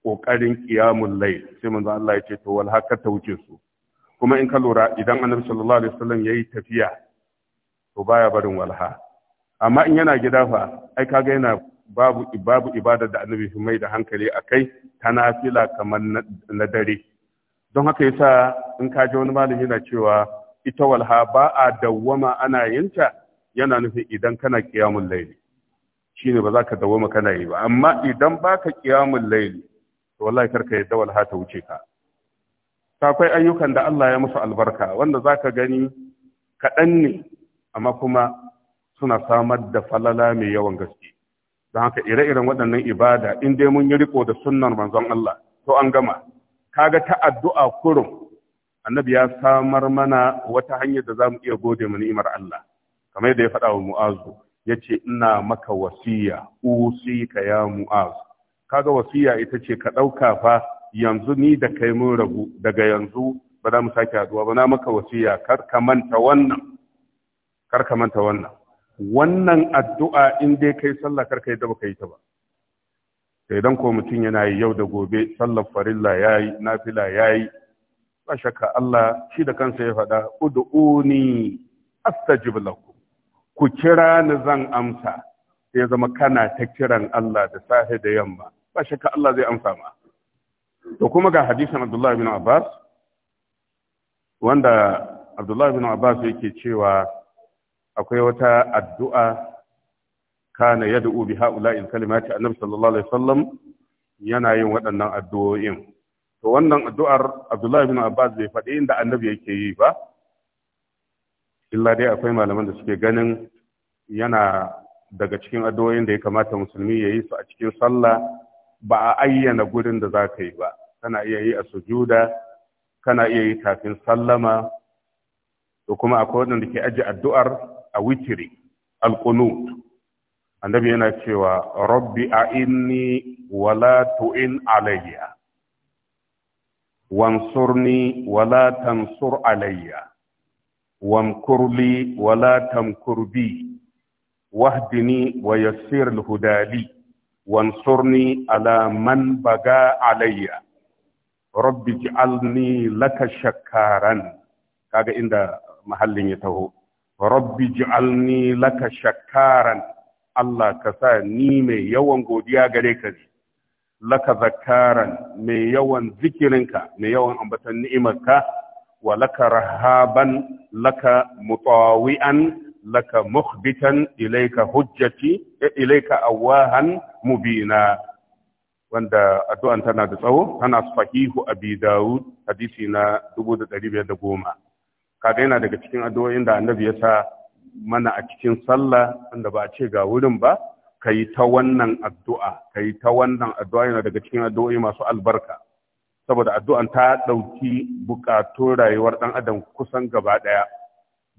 kokarin qiyamul layl sai manzo Allah ya ce to wal haka ta wuce su kuma in ka lura idan annabi sallallahu alaihi wasallam yi tafiya to baya barin walha amma in yana gida fa ai kaga yana babu babu ibada da annabi mai da hankali a kai ta nafila kamar na dare don haka yasa in ka ji wani malami yana cewa ita walha ba a dawwama ana yinta yana nufin idan kana kiyamun layli shine ba za ka dawo kana yi ba amma idan baka kiyamun laili to wallahi karka yadda walha ta wuce ka akwai ayyukan da Allah ya musu albarka wanda za ka gani kaɗan ne amma kuma suna samar da falala mai yawan gaske don haka ire-iren waɗannan ibada in dai mun yi riko da sunnar manzon Allah to an gama kaga ta addu'a kurum annabi ya samar mana wata hanyar da zamu iya gode mu ni'imar Allah kamar yadda ya faɗa wa mu'azu ya ce ina maka wasiya ka ya mu'azu kaga wasiya ita ce ka ɗauka fa yanzu ni da kai mun rabu daga yanzu ba za mu sake haɗuwa ba na maka wasiya kar ka manta wannan kar manta wannan wannan addu'a in dai kai sallah kar ka yi da baka yi ta ba sai dan ko mutum yana yi yau da gobe sallar farilla yayi nafila yayi ba shakka Allah shi da kansa ya faɗa ud'uni astajib lakum ku kira ni zan amsa ya zama kana ta kiran Allah da safe da yamma ba shakka Allah zai amsa ma to kuma ga hadisin Abdullah bin Abbas wanda Abdullah bin Abbas yake cewa akwai wata addu'a kana yad'u bi ha'ula'il kalimati annabi sallallahu alaihi wasallam yana yin waɗannan addu'o'in to wannan addu'ar Abdullah bin Abbas bai faɗi inda annabi yake yi ba illa dai akwai malaman da suke ganin yana daga cikin addu'o'in da ya kamata musulmi ya yi su a cikin sallah ba a ayyana gurin da za ka yi ba kana iya yi a sujuda kana iya yi kafin sallama to kuma akwai waɗanda ke aji addu'ar a witiri alqunut annabi yana cewa rabbi a inni wala tu'in alayya wansurni wala tansur alayya Wankurli wala tamkurbi wahdini بي واهدني ويسر الهدى لي alayya على من بغى علي رب اجعلني kaga inda mahallin ya taho rabbi ji'alni laka shakaran Allah ka sa ni mai yawan godiya gare ka ne laka zakaran mai yawan zikirinka mai yawan ambatan ni'imarka wa laka rahaban laka mutawi'an laka mukhbitan ilayka hujjati eh, ilayka awahan mubina wanda addu'an tana da tsawo tana sahihu abi daud hadisi na 1510 kaga yana daga cikin addu'o'in da annabi ya sa mana a cikin sallah wanda ba a ce ga wurin ba kai ta wannan addu'a kai ta wannan addu'a yana daga cikin addu'o'i masu albarka saboda addu'an ta ɗauki bukatun rayuwar ɗan adam kusan gaba ɗaya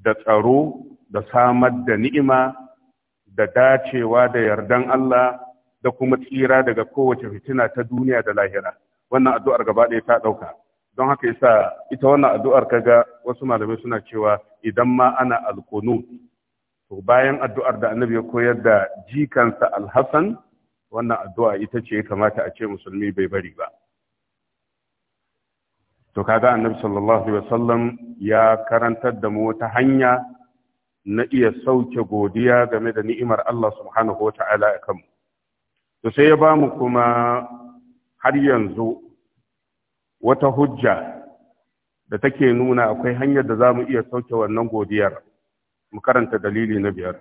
da tsaro da samar da ni'ima da dacewa da yardan Allah da kuma tsira daga kowace fitina ta duniya da lahira wannan addu'ar gaba ɗaya ta ɗauka don haka yasa ita wannan addu'ar kaga wasu malamai suna cewa idan ma ana alkonu to bayan addu'ar da annabi ya koyar da jikansa alhassan wannan addu'a ita ce ya kamata a ce musulmi bai bari ba to kaga annabi sallallahu alaihi wasallam ya karantar da mu wata hanya na iya sauke godiya game da ni'imar Allah subhanahu wata'ala a kanmu to sai ya bamu kuma har yanzu wata hujja da take nuna akwai hanyar da za mu iya sauke wannan godiyar mu karanta dalili na biyar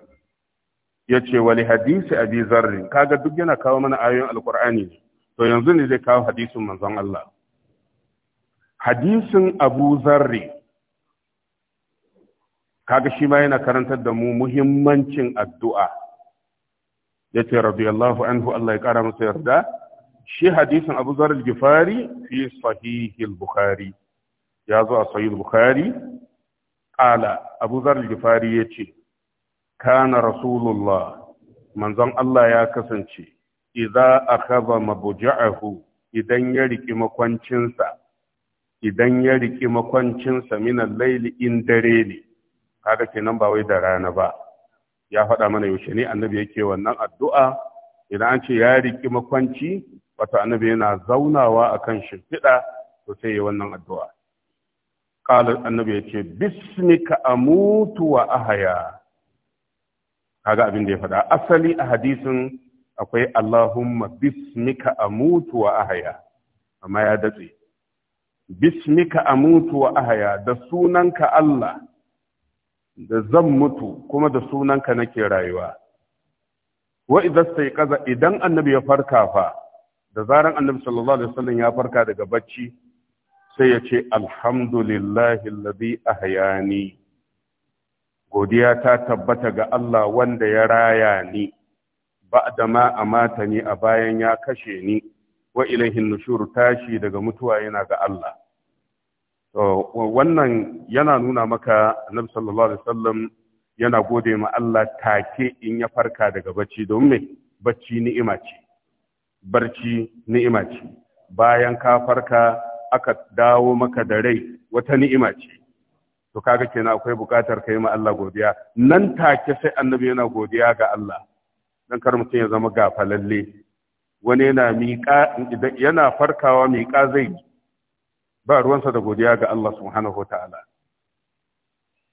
yace wali hadisi a zarri kaga duk yana kawo mana ayoyin alkur'ani to yanzu ne zai kawo hadisin manzon Allah hadisin abu zarri kaga shi ma yana karantar da mu muhimmancin addu'a ya ce radiyallahu anhu Allah ya kara masa yarda shi hadisin abu zarri gifari fi sahihil bukhari ya zo a sahihil bukhari ƙala abu zarri gifari ya ce kana rasulullah manzon Allah ya kasance idza akhadha mabja'ahu idan ya riki makwancinsa idan ya riki makwancinsa minan laili in dare ne kaga kenan ba wai da rana ba ya faɗa mana yaushe ne annabi yake wannan addu'a idan an ce ya riki makwanci wato annabi yana zaunawa akan shimfiɗa to sai ya wannan addu'a qala annabi yace bismika amutu wa ahaya kaga abin da ya faɗa asali a hadisin akwai allahumma bismika amutu wa ahaya amma ya datse bismika amutu wa ahaya da sunanka Allah da zan mutu kuma da sunanka nake rayuwa wa idan sai kaza idan annabi ya farka fa da zaran annabi sallallahu alaihi wasallam ya farka daga bacci sai ya ce alhamdulillahi alladhi ahyani godiya ta tabbata ga Allah wanda ya raya ni ba'da ma amata ni a bayan ya kashe ni wa ilaihin nushur tashi daga mutuwa yana ga Allah wannan yana nuna maka annabi sallallahu alaihi wasallam yana gode ma Allah take in ya farka daga bacci don me bacci ni'ima ce barci ni'ima ce bayan ka farka aka dawo maka da rai wata ni'ima ce to kaga kenan akwai bukatar kai ma Allah godiya nan take sai annabi yana godiya ga Allah dan kar mutum ya zama gafalalle wani yana miƙa yana farkawa miƙa zai ba ruwansa da godiya ga Allah subhanahu wa ta'ala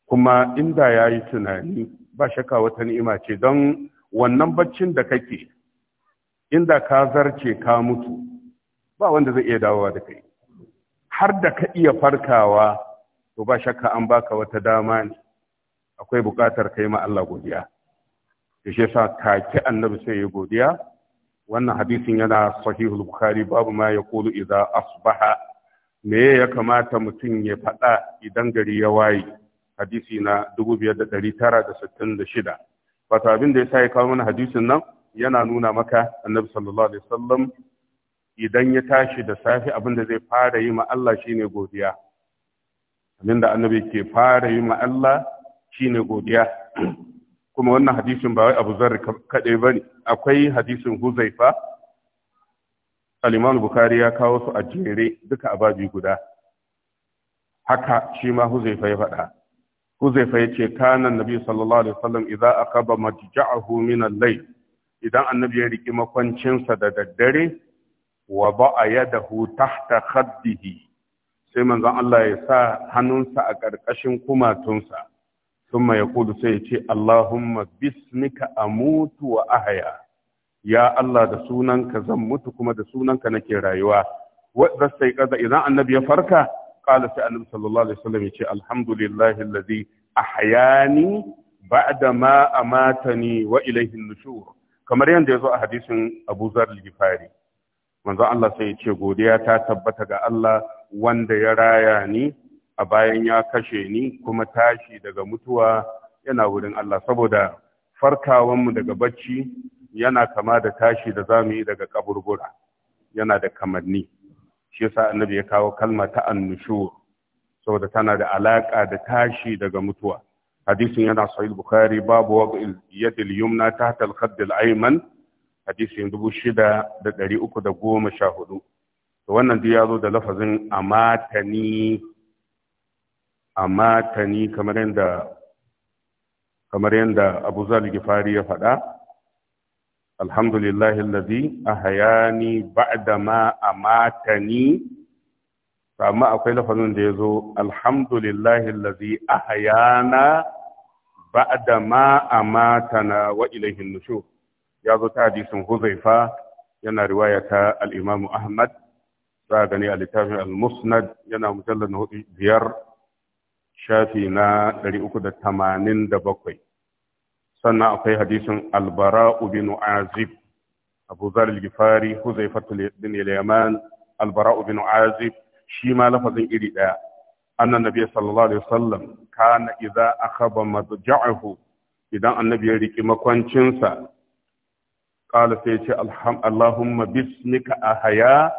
kuma inda ya yi tunani ba shakka wata ni'ima ce don wannan baccin da kake inda ka zarce ka mutu ba wanda zai iya dawowa da kai har da ka iya farkawa to ba shakka an baka wata dama ne akwai bukatar kai ma Allah godiya da shi yasa annabi sai ya godiya wannan hadisin yana sahihul bukhari babu ma ya yaqulu idza asbaha me ya kamata mutum ya faɗa idan gari ya waye hadisi na 5966 wato abin da ya sa ya kawo mana hadisin nan yana nuna maka annabi sallallahu alaihi wasallam idan ya tashi da safe abin da zai fara yi ma Allah shine godiya abin da annabi ke fara yi ma Allah shine godiya kuma wannan hadisin ba wai Abu Zar kadai ne. akwai hadisin Huzaifa al-Imam Bukhari ya kawo su a jere duka a babi guda haka shi ma Huzaifa ya faɗa Huzaifa ya ce kana Nabi sallallahu alaihi wasallam idza aqaba matja'ahu min al idan annabi ya riki makwancinsa da daddare wa ba'a yadahu tahta khaddihi sai manzon Allah ya sa hannunsa a ƙarƙashin kumatunsa ya yaqulu sai ya ce Allahumma bismika amutu wa ahya ya Allah da sunanka zan mutu kuma da sunanka nake rayuwa wadda sai kaza idan annabi ya farka qala sai annabi sallallahu alaihi wasallam ya ce alhamdulillahi alladhi ahyani ba'da ma amatani wa ilayhi an-nushur kamar yanda yazo a hadisin Abu Zar al-Ghifari manzo Allah sai ya ce godiya ta tabbata ga Allah wanda ya raya ni a bayan ya kashe ni kuma tashi daga mutuwa yana wurin Allah saboda farkawanmu daga bacci yana kama da tashi da zamu yi daga kaburbura yana da kamanni shi yasa annabi ya kawo kalma ta annushur saboda tana da alaka da tashi daga mutuwa hadisin yana sahih bukhari babu waqil yadil yumna tahta al-khadd al-ayman hadisin 6314 to wannan duk yazo da lafazin amatani amatani kamar yadda kamar yadda Abu Zal Gifari ya faɗa alhamdulillahi alladhi ahayani ba'da ma amatani amma akwai lafazin da ya yazo alhamdulillahi alladhi ahayana ba'da ma amatana wa ilayhi nushur yazo ta hadisin huzaifa yana riwaya ta al-imam ahmad za gani a littafin al-musnad yana mujallad na hudu biyar shafi na ɗari da da bakwai. sannan akwai hadisin albara'u bin azib abu zar al-gifari huzaifa bin yaman albara'u bin azib shi ma lafazin iri daya annan nabi sallallahu alaihi wasallam kana idza akhaba madja'ahu idan annabi ya riki makwancinsa qala sai ce allahumma bismika ahya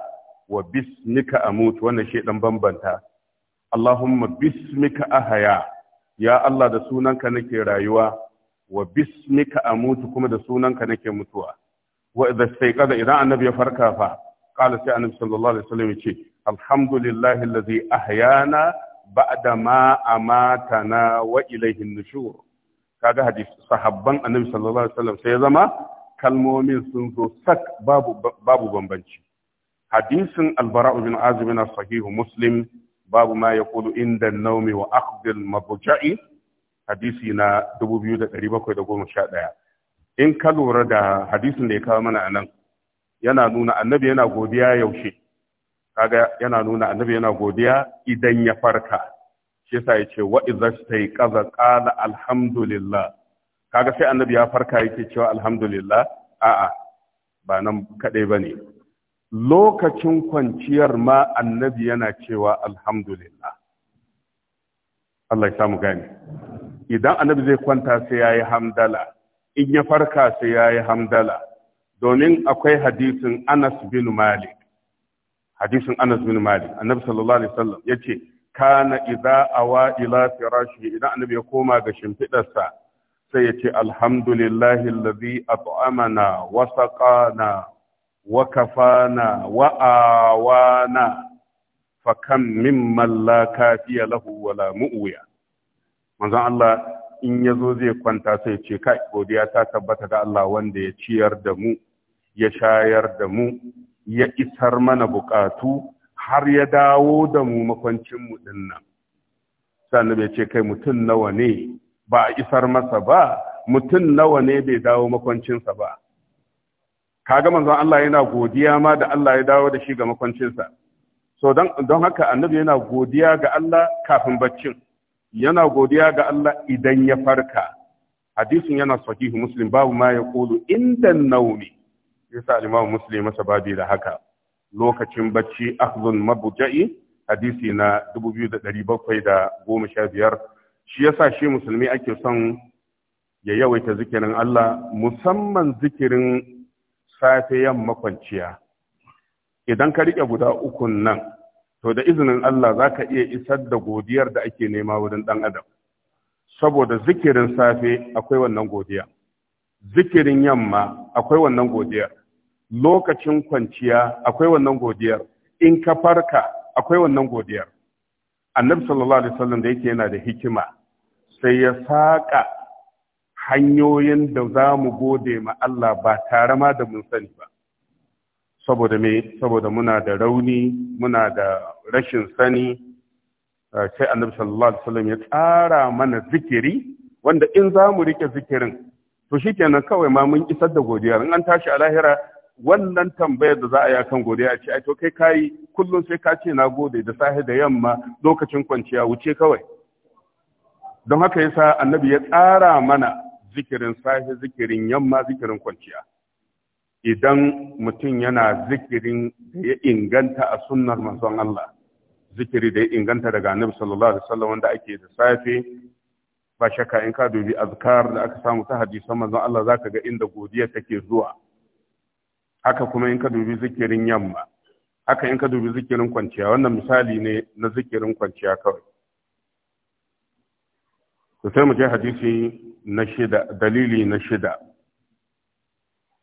wa bismika amut wannan shi dan bambanta allahumma bismika ahya ya allah da sunanka nake rayuwa wa bismika amutu kuma da sunanka nake mutuwa wa idza staiqada idan annabi ya farka fa qala sai annabi sallallahu alaihi wasallam yace alhamdulillahi allazi ahyana ba'da ma amatana wa ilayhi nushur kaga hadisi sahabban annabi sallallahu alaihi wasallam sai ya zama kalmomin sun zo sak babu babu bambanci hadisin albara bin azib na sahih muslim babu ma yaqulu inda an-nawmi wa aqd mabjai hadisi na 2711 in ka lura da hadisin da ya kawo mana anan yana nuna annabi yana godiya yaushe kaga yana nuna annabi yana godiya idan ya farka shi yasa yace wa idza stayqaza qala alhamdulillah kaga sai annabi ya farka yake cewa alhamdulillah a'a ba nan kadai bane lokacin kwanciyar ma annabi yana cewa alhamdulillah Allah ya samu gane idan annabi zai kwanta sai yayi hamdala in ya farka sai yayi hamdala domin akwai hadisin Anas bin Malik hadisin Anas bin Malik annabi sallallahu alaihi wasallam yace kana idza awa ila firashi idan annabi ya koma ga shimfidarsa sai yace alhamdulillahi alladhi at'amana wa saqana wa kafana wa awana fakam mimman la kafiya lahu wala mu'wiya manzon Allah in ya zo zai kwanta sai ce kai godiya ta tabbata ga Allah wanda ya ciyar da mu ya shayar da mu ya isar mana bukatu har ya dawo da mu makwancin mu dinnan sannan bai ce kai mutum nawa ne ba a isar masa ba mutum nawa ne bai dawo makwancinsa ba kaga manzon Allah yana godiya ma da Allah ya dawo da shi ga makwancinsa so don haka annabi yana godiya ga Allah kafin baccin yana godiya ga Allah idan ya farka hadisin yana sahihu muslim babu ma ya kulu inda naumi yasa al-imam muslim masa babi da haka lokacin bacci akhzun mabuja'i hadisi na 2715 shi yasa shi musulmi ake son ya yawaita zikirin Allah musamman zikirin safe yamma kwanciya idan ka rike guda ukun nan to da izinin Allah za ka iya isar da godiyar da ake nema wurin ɗan adam saboda zikirin safe akwai wannan godiya zikirin yamma akwai wannan godiyar lokacin kwanciya akwai wannan godiyar in ka farka akwai wannan godiyar annabi sallallahu alaihi wasallam da yake yana da hikima sai ya saƙa hanyoyin da za mu gode ma Allah ba tare ma da mun sani ba saboda me saboda muna da rauni muna da rashin sani eh, sai annabi sallallahu alaihi wasallam ya tsara mana zikiri wanda in za mu rike zikirin to shikenan kawai ma mun isar da godiya in an tashi a lahira wannan tambayar da za a yi akan godiya a ce ai to kai kai kullum sai ka ce na gode da safe da yamma lokacin kwanciya wuce kawai don haka yasa annabi ya tsara mana zikirin safe zikirin yamma zikirin kwanciya idan mutum yana zikirin da ya inganta a sunnar manzon Allah zikiri da ya inganta daga annabi sallallahu alaihi wasallam wanda ake da safe ba shakka in ka dubi azkar da aka samu ta hadisan manzon Allah zaka ga inda godiya take zuwa haka kuma in ka dubi zikirin yamma haka in ka dubi zikirin kwanciya wannan misali ne na zikirin kwanciya kawai to sai mu je hadisi na shida dalili na shida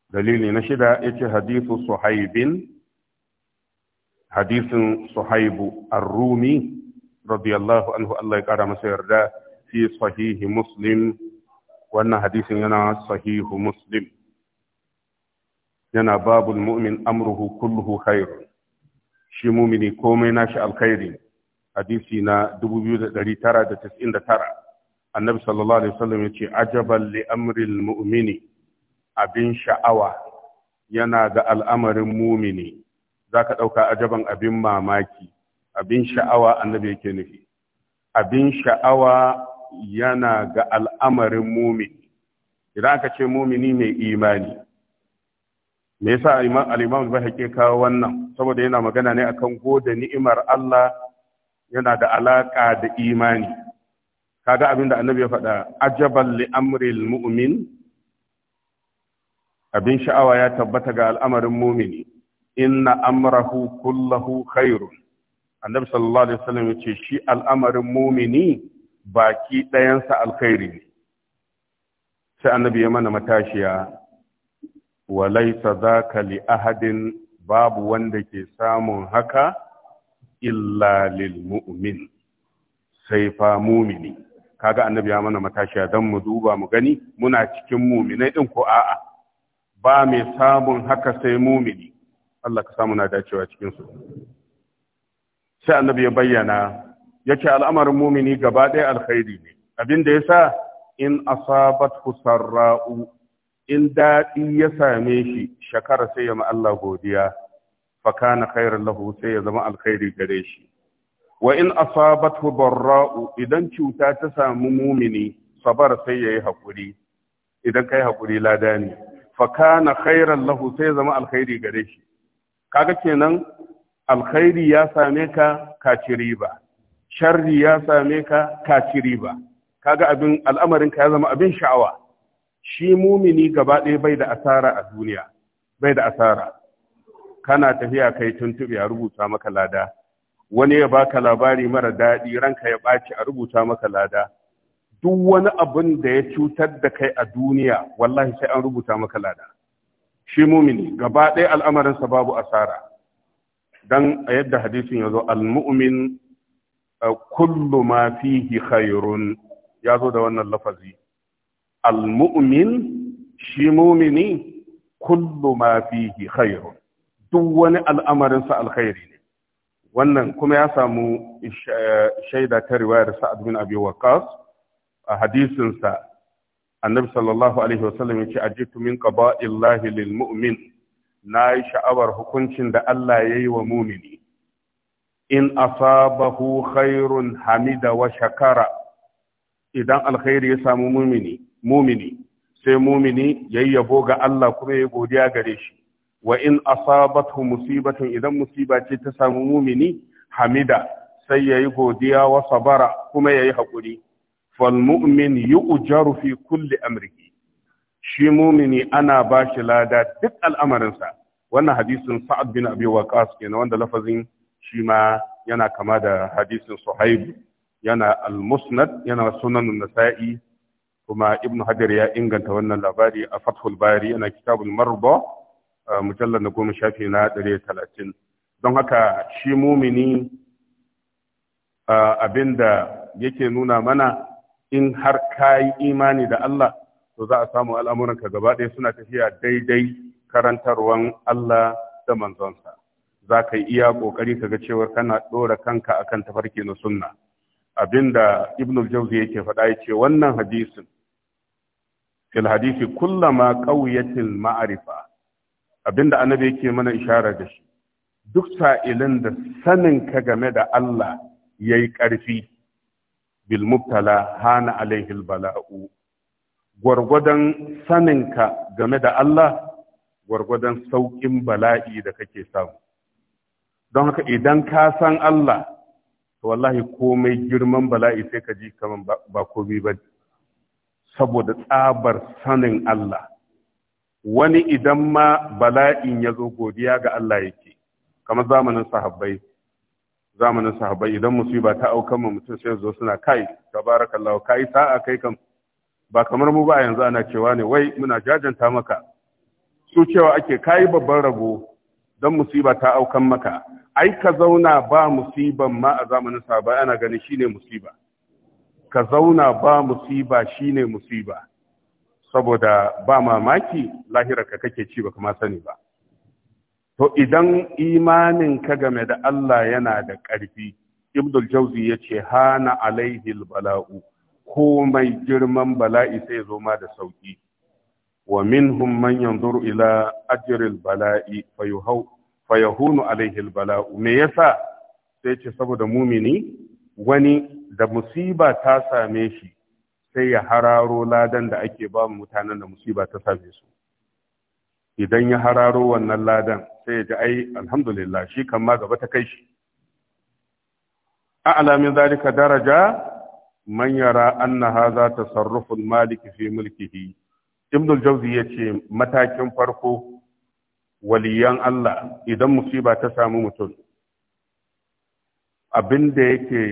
dalili na shida yace hadithu suhaibin hadisin suhaibu ar-rumi radiyallahu anhu Allah ya kara masa yarda fi sahihi muslim wannan hadisin yana sahihu muslim yana babul mu'min amruhu kulluhu khairun shi mumini komai nashi alkhairi hadisi na 2999 annabi sallallahu alaihi wasallam yace ajaban li amril mu'mini abin sha'awa yana ga al'amarin mumini za ka ɗauka ajaban abin mamaki abin sha'awa annabi yake nufi abin sha'awa yana ga al'amarin mumini idan aka ce mumini mai imani me yasa sa imam al kawo wannan saboda yana magana ne akan goda ni'imar Allah yana da alaƙa da imani kaga da annabi ya faɗa ajaban li amril mu'min abin sha'awa ya tabbata ga al'amarin mumini inna amrahu kullahu khairun annabi sallallahu alaihi wasallam yace shi al'amarin mumini baki ɗayansa alkhairi ne sai annabi ya mana matashiya wa laysa dhaka li ahadin babu wanda ke samun haka illa lil mu'min sai fa mumini kaga annabi ya mana matashiya dan mu duba mu gani muna cikin muminai din ko a'a ba mai samun haka sai mumini Allah ka samu na dacewa cikin su sai annabi ya bayyana yake al'amarin mumini gaba ɗaya alkhairi ne abinda yasa in asabathu sarra'u in daɗi ya same shi shakara sai ya Allah godiya fa kana khairan lahu sai ya zama alkhairi gare shi wa in asabathu barra'u idan cuta ta samu mumini sabar sai yayi hakuri idan kai hakuri lada ne fakana khairan lahu sai zama alkhairi gare shi kaga kenan alkhairi ya same ka ka ci riba sharri ya same ka ka ci riba kaga abin al'amarin ka ya zama abin sha'awa shi mumini gaba ɗaya bai da asara a duniya bai da asara kana tafiya kai tuntuɓe a rubuta maka lada wani ya baka labari mara daɗi ranka ya ɓaci a rubuta maka lada duk wani abin da ya cutar da kai a duniya wallahi sai an rubuta maka lada shi mumini gaba ɗaya al'amarinsa babu asara dan a yadda hadisin ya zo al-mu'min uh, kullu ma fihi khairun ya zo da wannan lafazi al-mu'min shi mumini kullu ma fihi khairun duk wani al'amarinsa alkhairi ne wannan kuma ya samu uh, shaida ta riwayar sa'ad bin abi waqqas a hadisinsa annabi sallallahu alaihi wasallam yace a min qada'illahi lil mu'min na yi sha'awar hukuncin da Allah ya yi wa mumini in asabahu khairun hamida wa shakara idan alkhairi ya samu mumini mumini sai mumini yayi yabo ga Allah kuma ya godiya gare shi wa in asabathu musibatun idan musiba ce ta samu mumini hamida sai yayi godiya wa sabara kuma yayi haƙuri. falmu'min yi ujaru fi kulli amriki shi mumini ana bashi lada duk al'amarinsa wannan hadisin sa'ad bin abi waqas kenan wanda lafazin shi ma yana kama da hadisin Suhaibu, yana al-musnad yana sunan nasa'i kuma ibnu hajar ya inganta wannan labari a fathul bari yana kitabun marba mujallar na goma shafi na 130 don haka shi mumini abinda yake nuna mana in har ka yi imani da Allah to za a samu al'amuranka gaba ɗaya suna tafiya daidai karantarwan Allah da manzonsa za ka yi iya ƙoƙari ka ga cewar kana ɗora kanka a kan tafarki na sunna abinda ibn jauzi yake faɗa ya ce wannan hadisin fil hadisi kullama ƙauyatil ma'arifa abinda annabi yake mana isharar da shi duk sa'ilin da sanin ka game da Allah yayi ƙarfi bil mubtala hana alaihi bala'u gwargwadon saninka game da Allah gwargwadon saukin bala'i da kake samu don haka idan ka san Allah to wallahi komai girman bala'i sai ka ji kaman ba komai ba saboda tsabar sanin Allah wani idan ma bala'in ya zo godiya ga Allah yake kamar zamanin sahabbai zamanin sahabbai idan musiba ta auka mu mutum sai zo suna kai tabarakallahu kai sa'a kai kam ba kamar mu ba yanzu ana cewa ne wai muna jajanta maka su cewa ake kai babban rago dan musiba ta auka maka ai ka zauna ba musiban ma a zamanin sahabai, ana ganin shine musiba ka zauna ba musiba shine musiba saboda ba mamaki ka kake ci baka ma sani ba to idan imanin ka game da Allah yana da ƙarfi ibnul jauzi ya hana alaihi bala'u ko mai girman bala'i sai zo ma da sauki wa minhum man yanzuru ila ajril bala'i fayahunu alaihi bala'u me yasa sai ce saboda mumini wani da musiba ta same shi sai ya hararo ladan da ake ba mutanen da musiba ta same su idan ya hararo wannan ladan sai ya ji ai alhamdulillah shi kan ma gaba ta kai shi A min zalika daraja man yara anna hadha tasarruful maliki fi mulkihi ibn al-jawzi yace matakin farko waliyan Allah idan musiba ta samu mutum abin da yake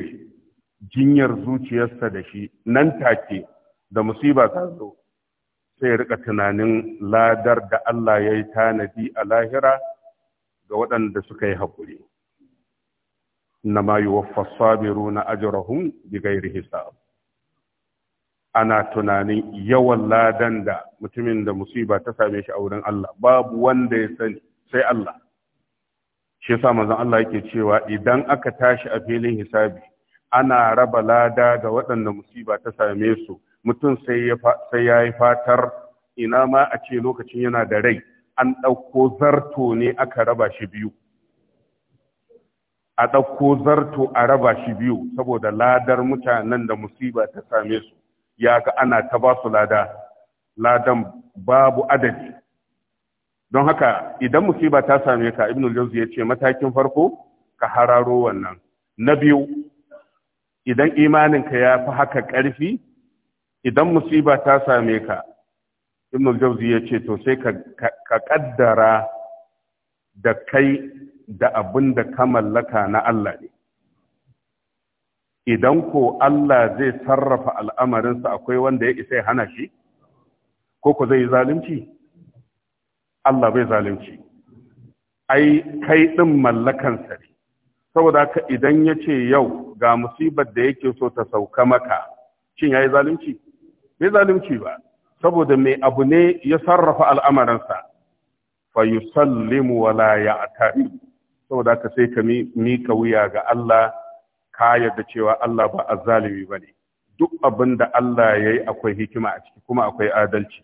jinyar zuciyarsa da shi nan take da musiba ta zo sai ya rika tunanin ladar da Allah ya yi tanadi a lahira ga waɗanda suka yi haƙuri. Na ma yi wa na ajirahun bigairi hisab. Ana tunanin yawan ladan da mutumin da musiba ta same shi a wurin Allah, babu wanda ya sani sai Allah. Shi sa manzon Allah yake cewa idan aka tashi a filin hisabi, ana raba lada ga waɗanda musiba ta same su mutum sai ya yi fatar ina ma a ce lokacin yana da rai an ɗauko zarto ne aka raba shi biyu a ɗauko zarto a raba shi biyu saboda ladar mutanen da musiba ta same su ya ga ana ta ba su lada ladan babu adadi don haka idan musiba ta same ka ibnu ya ce matakin farko ka hararo wannan na biyu idan imaninka ya fi haka ƙarfi idan musiba ta same ka ibn al-jawzi ya ce to sai ka kaddara da kai da abinda ka mallaka na Allah ne idan ko Allah zai sarrafa al'amarinsa akwai wanda ya isa ya hana shi ko ko zai yi zalunci Allah bai zalunci ai kai din mallakansa ne saboda ka idan ya ce yau ga musibar da yake so ta sauka maka shin ya yi zalunci bai zalunci ba saboda mai abu ne ya sarrafa al'amaransa fa yusallimu wala ya'tari saboda ka sai ka mika wuya ga Allah ka yarda cewa Allah ba azzalimi ne. duk abin da Allah yayi akwai hikima a ciki kuma akwai adalci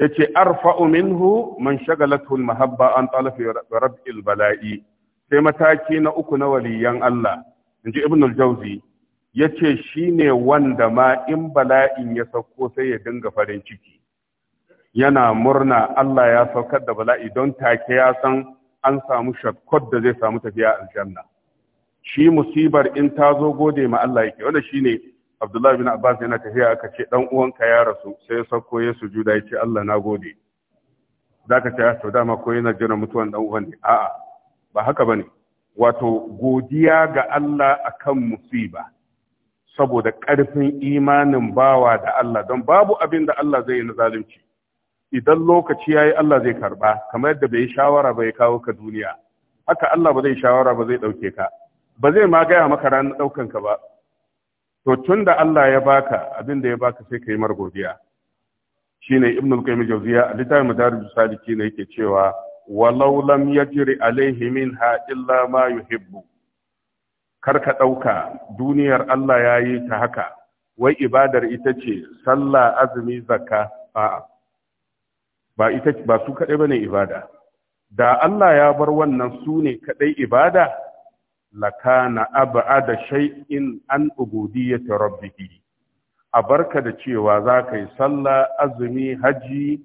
Ya yace arfa'u minhu man shagalatu al-mahabba an talafi rabbil bala'i sai mataki na uku na waliyan Allah inji ibn al-jawzi ya ce shi ne wanda ma in bala'in ya sauko sai ya dinga farin ciki yana murna Allah ya saukar da bala'i don take ya san an samu shakkot da zai samu tafiya aljanna shi musibar in ta zo gode ma Allah yake wanda shi ne Abdullah bin Abbas yana tafiya aka ce dan uwanka ya rasu sai ya sauko ya sujuda ya ce Allah na gode zaka ce ah, to dama ko yana jira mutuwan dan uwan ne a'a ba haka bane wato godiya ga Allah akan musiba saboda ƙarfin imanin bawa da Allah don babu abin da Allah zai yi na zalunci idan lokaci ya yi Allah zai karba kamar yadda bai yi shawara bai kawo ka duniya haka Allah ba zai shawara ba zai ɗauke ka ba zai ma gaya maka ranar ɗaukanka ka ba to tun da Allah ya baka abin da ya baka sai ka yi mar godiya shine ibn al-qayyim jawziya a littafin madarij saliki ne yake cewa walau lam yajri alaihi minha illa ma yuhibbu kar ka ɗauka duniyar Allah ya yi ta haka wai ibadar ita ce sallah azumi zakka a'a ba ita ba su kaɗai bane ibada da Allah ya bar wannan su ne kaɗai ibada lakana da shaiin an ubudiyyati rabbih a barka da cewa za ka yi sallah azumi haji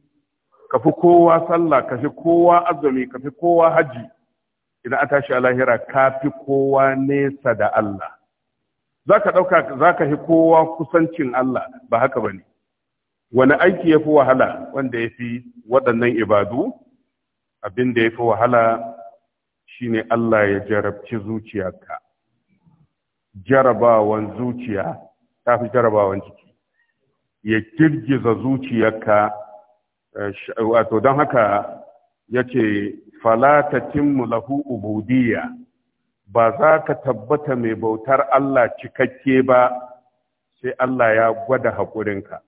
ka fi kowa sallah ka fi kowa azumi ka fi kowa haji idan a tashi a lahira ka fi kowa nesa da Allah za ka ɗauka za ka fi kowa kusancin Allah ba haka ba ne wani aiki ya fi wahala wanda ya fi waɗannan ibadu abin da ya fi wahala shine Allah ya jarabci zuciyarka jarabawan zuciya ta fi jarabawan jiki ya girgiza zuciyarka eh, wato don haka yake fala tatimmu lahu ubudiyya ba za ka tabbata mai bautar Allah cikakke ba sai Allah ya gwada haƙurinka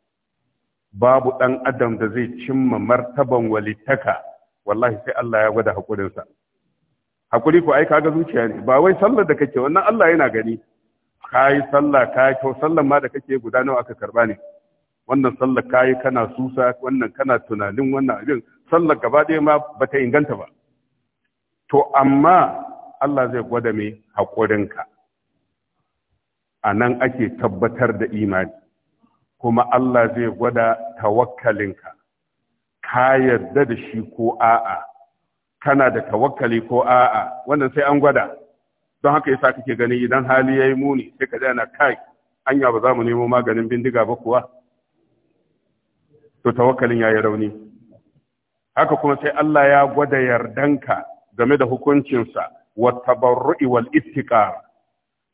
babu ɗan adam da zai cimma martaban walittaka wallahi sai Allah ya gwada haƙurinsa haƙuri ko ai kaga zuciya ne ba wai sallar da kake wannan Allah yana gani yi sallah ka to sallar ma da kake guda nawa aka karba ne wannan sallar yi kana susa wannan kana tunanin wannan abin sallar gaba ɗaya ma bata inganta ba to amma Allah zai gwada mai haƙurinka a nan ake tabbatar da imani kuma Allah zai gwada tawakkalinka ka yarda da shi ko a'a kana da tawakkali ko a'a wannan sai an gwada don haka yasa kake gani idan hali yayi muni sai ka dana kai anya ba za mu nemo maganin bindiga ba kuwa to tawakkalin yayi rauni haka kuma sai Allah ya gwada yardanka game da hukuncinsa wa tabarru'i wal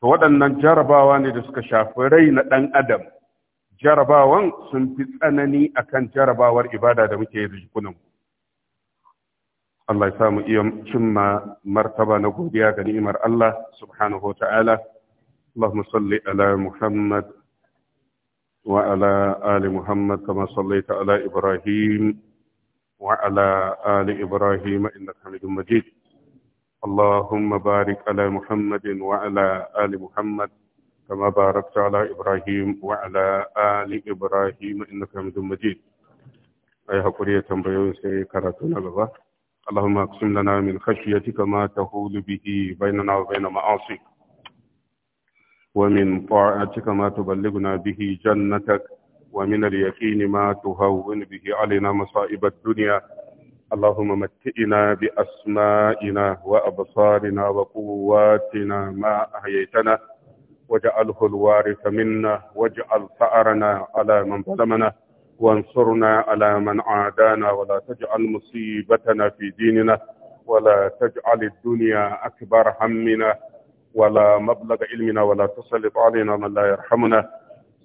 to waɗannan jarabawa ne da suka shafi rai na ɗan adam jarabawan sun fi tsanani akan jarabawar ibada da muke yi da jikunan Allah ya samu iya cimma martaba na godiya ga ni'imar Allah subhanahu wa ta'ala اللهم صل على محمد وعلى Ali Muhammad kama صليت على Ibrahim. وعلى آل إبراهيم إنك حميد مجيد اللهم بارك على محمد وعلى آل محمد كما باركت على إبراهيم وعلى آل إبراهيم إنك حميد مجيد أي حقرية تنبيون سيكارتنا لغا اللهم اقسم لنا من خشيتك ما تهول به بيننا وبين معاصيك ومن طاعتك ما تبلغنا به جنتك ومن اليقين ما تهون به علينا مصائب الدنيا اللهم متئنا بأسمائنا وأبصارنا وقواتنا ما أحييتنا واجعله الوارث منا واجعل ثأرنا على من ظلمنا وانصرنا على من عادانا ولا تجعل مصيبتنا في ديننا ولا تجعل الدنيا أكبر همنا ولا مبلغ علمنا ولا تسلط علينا من لا يرحمنا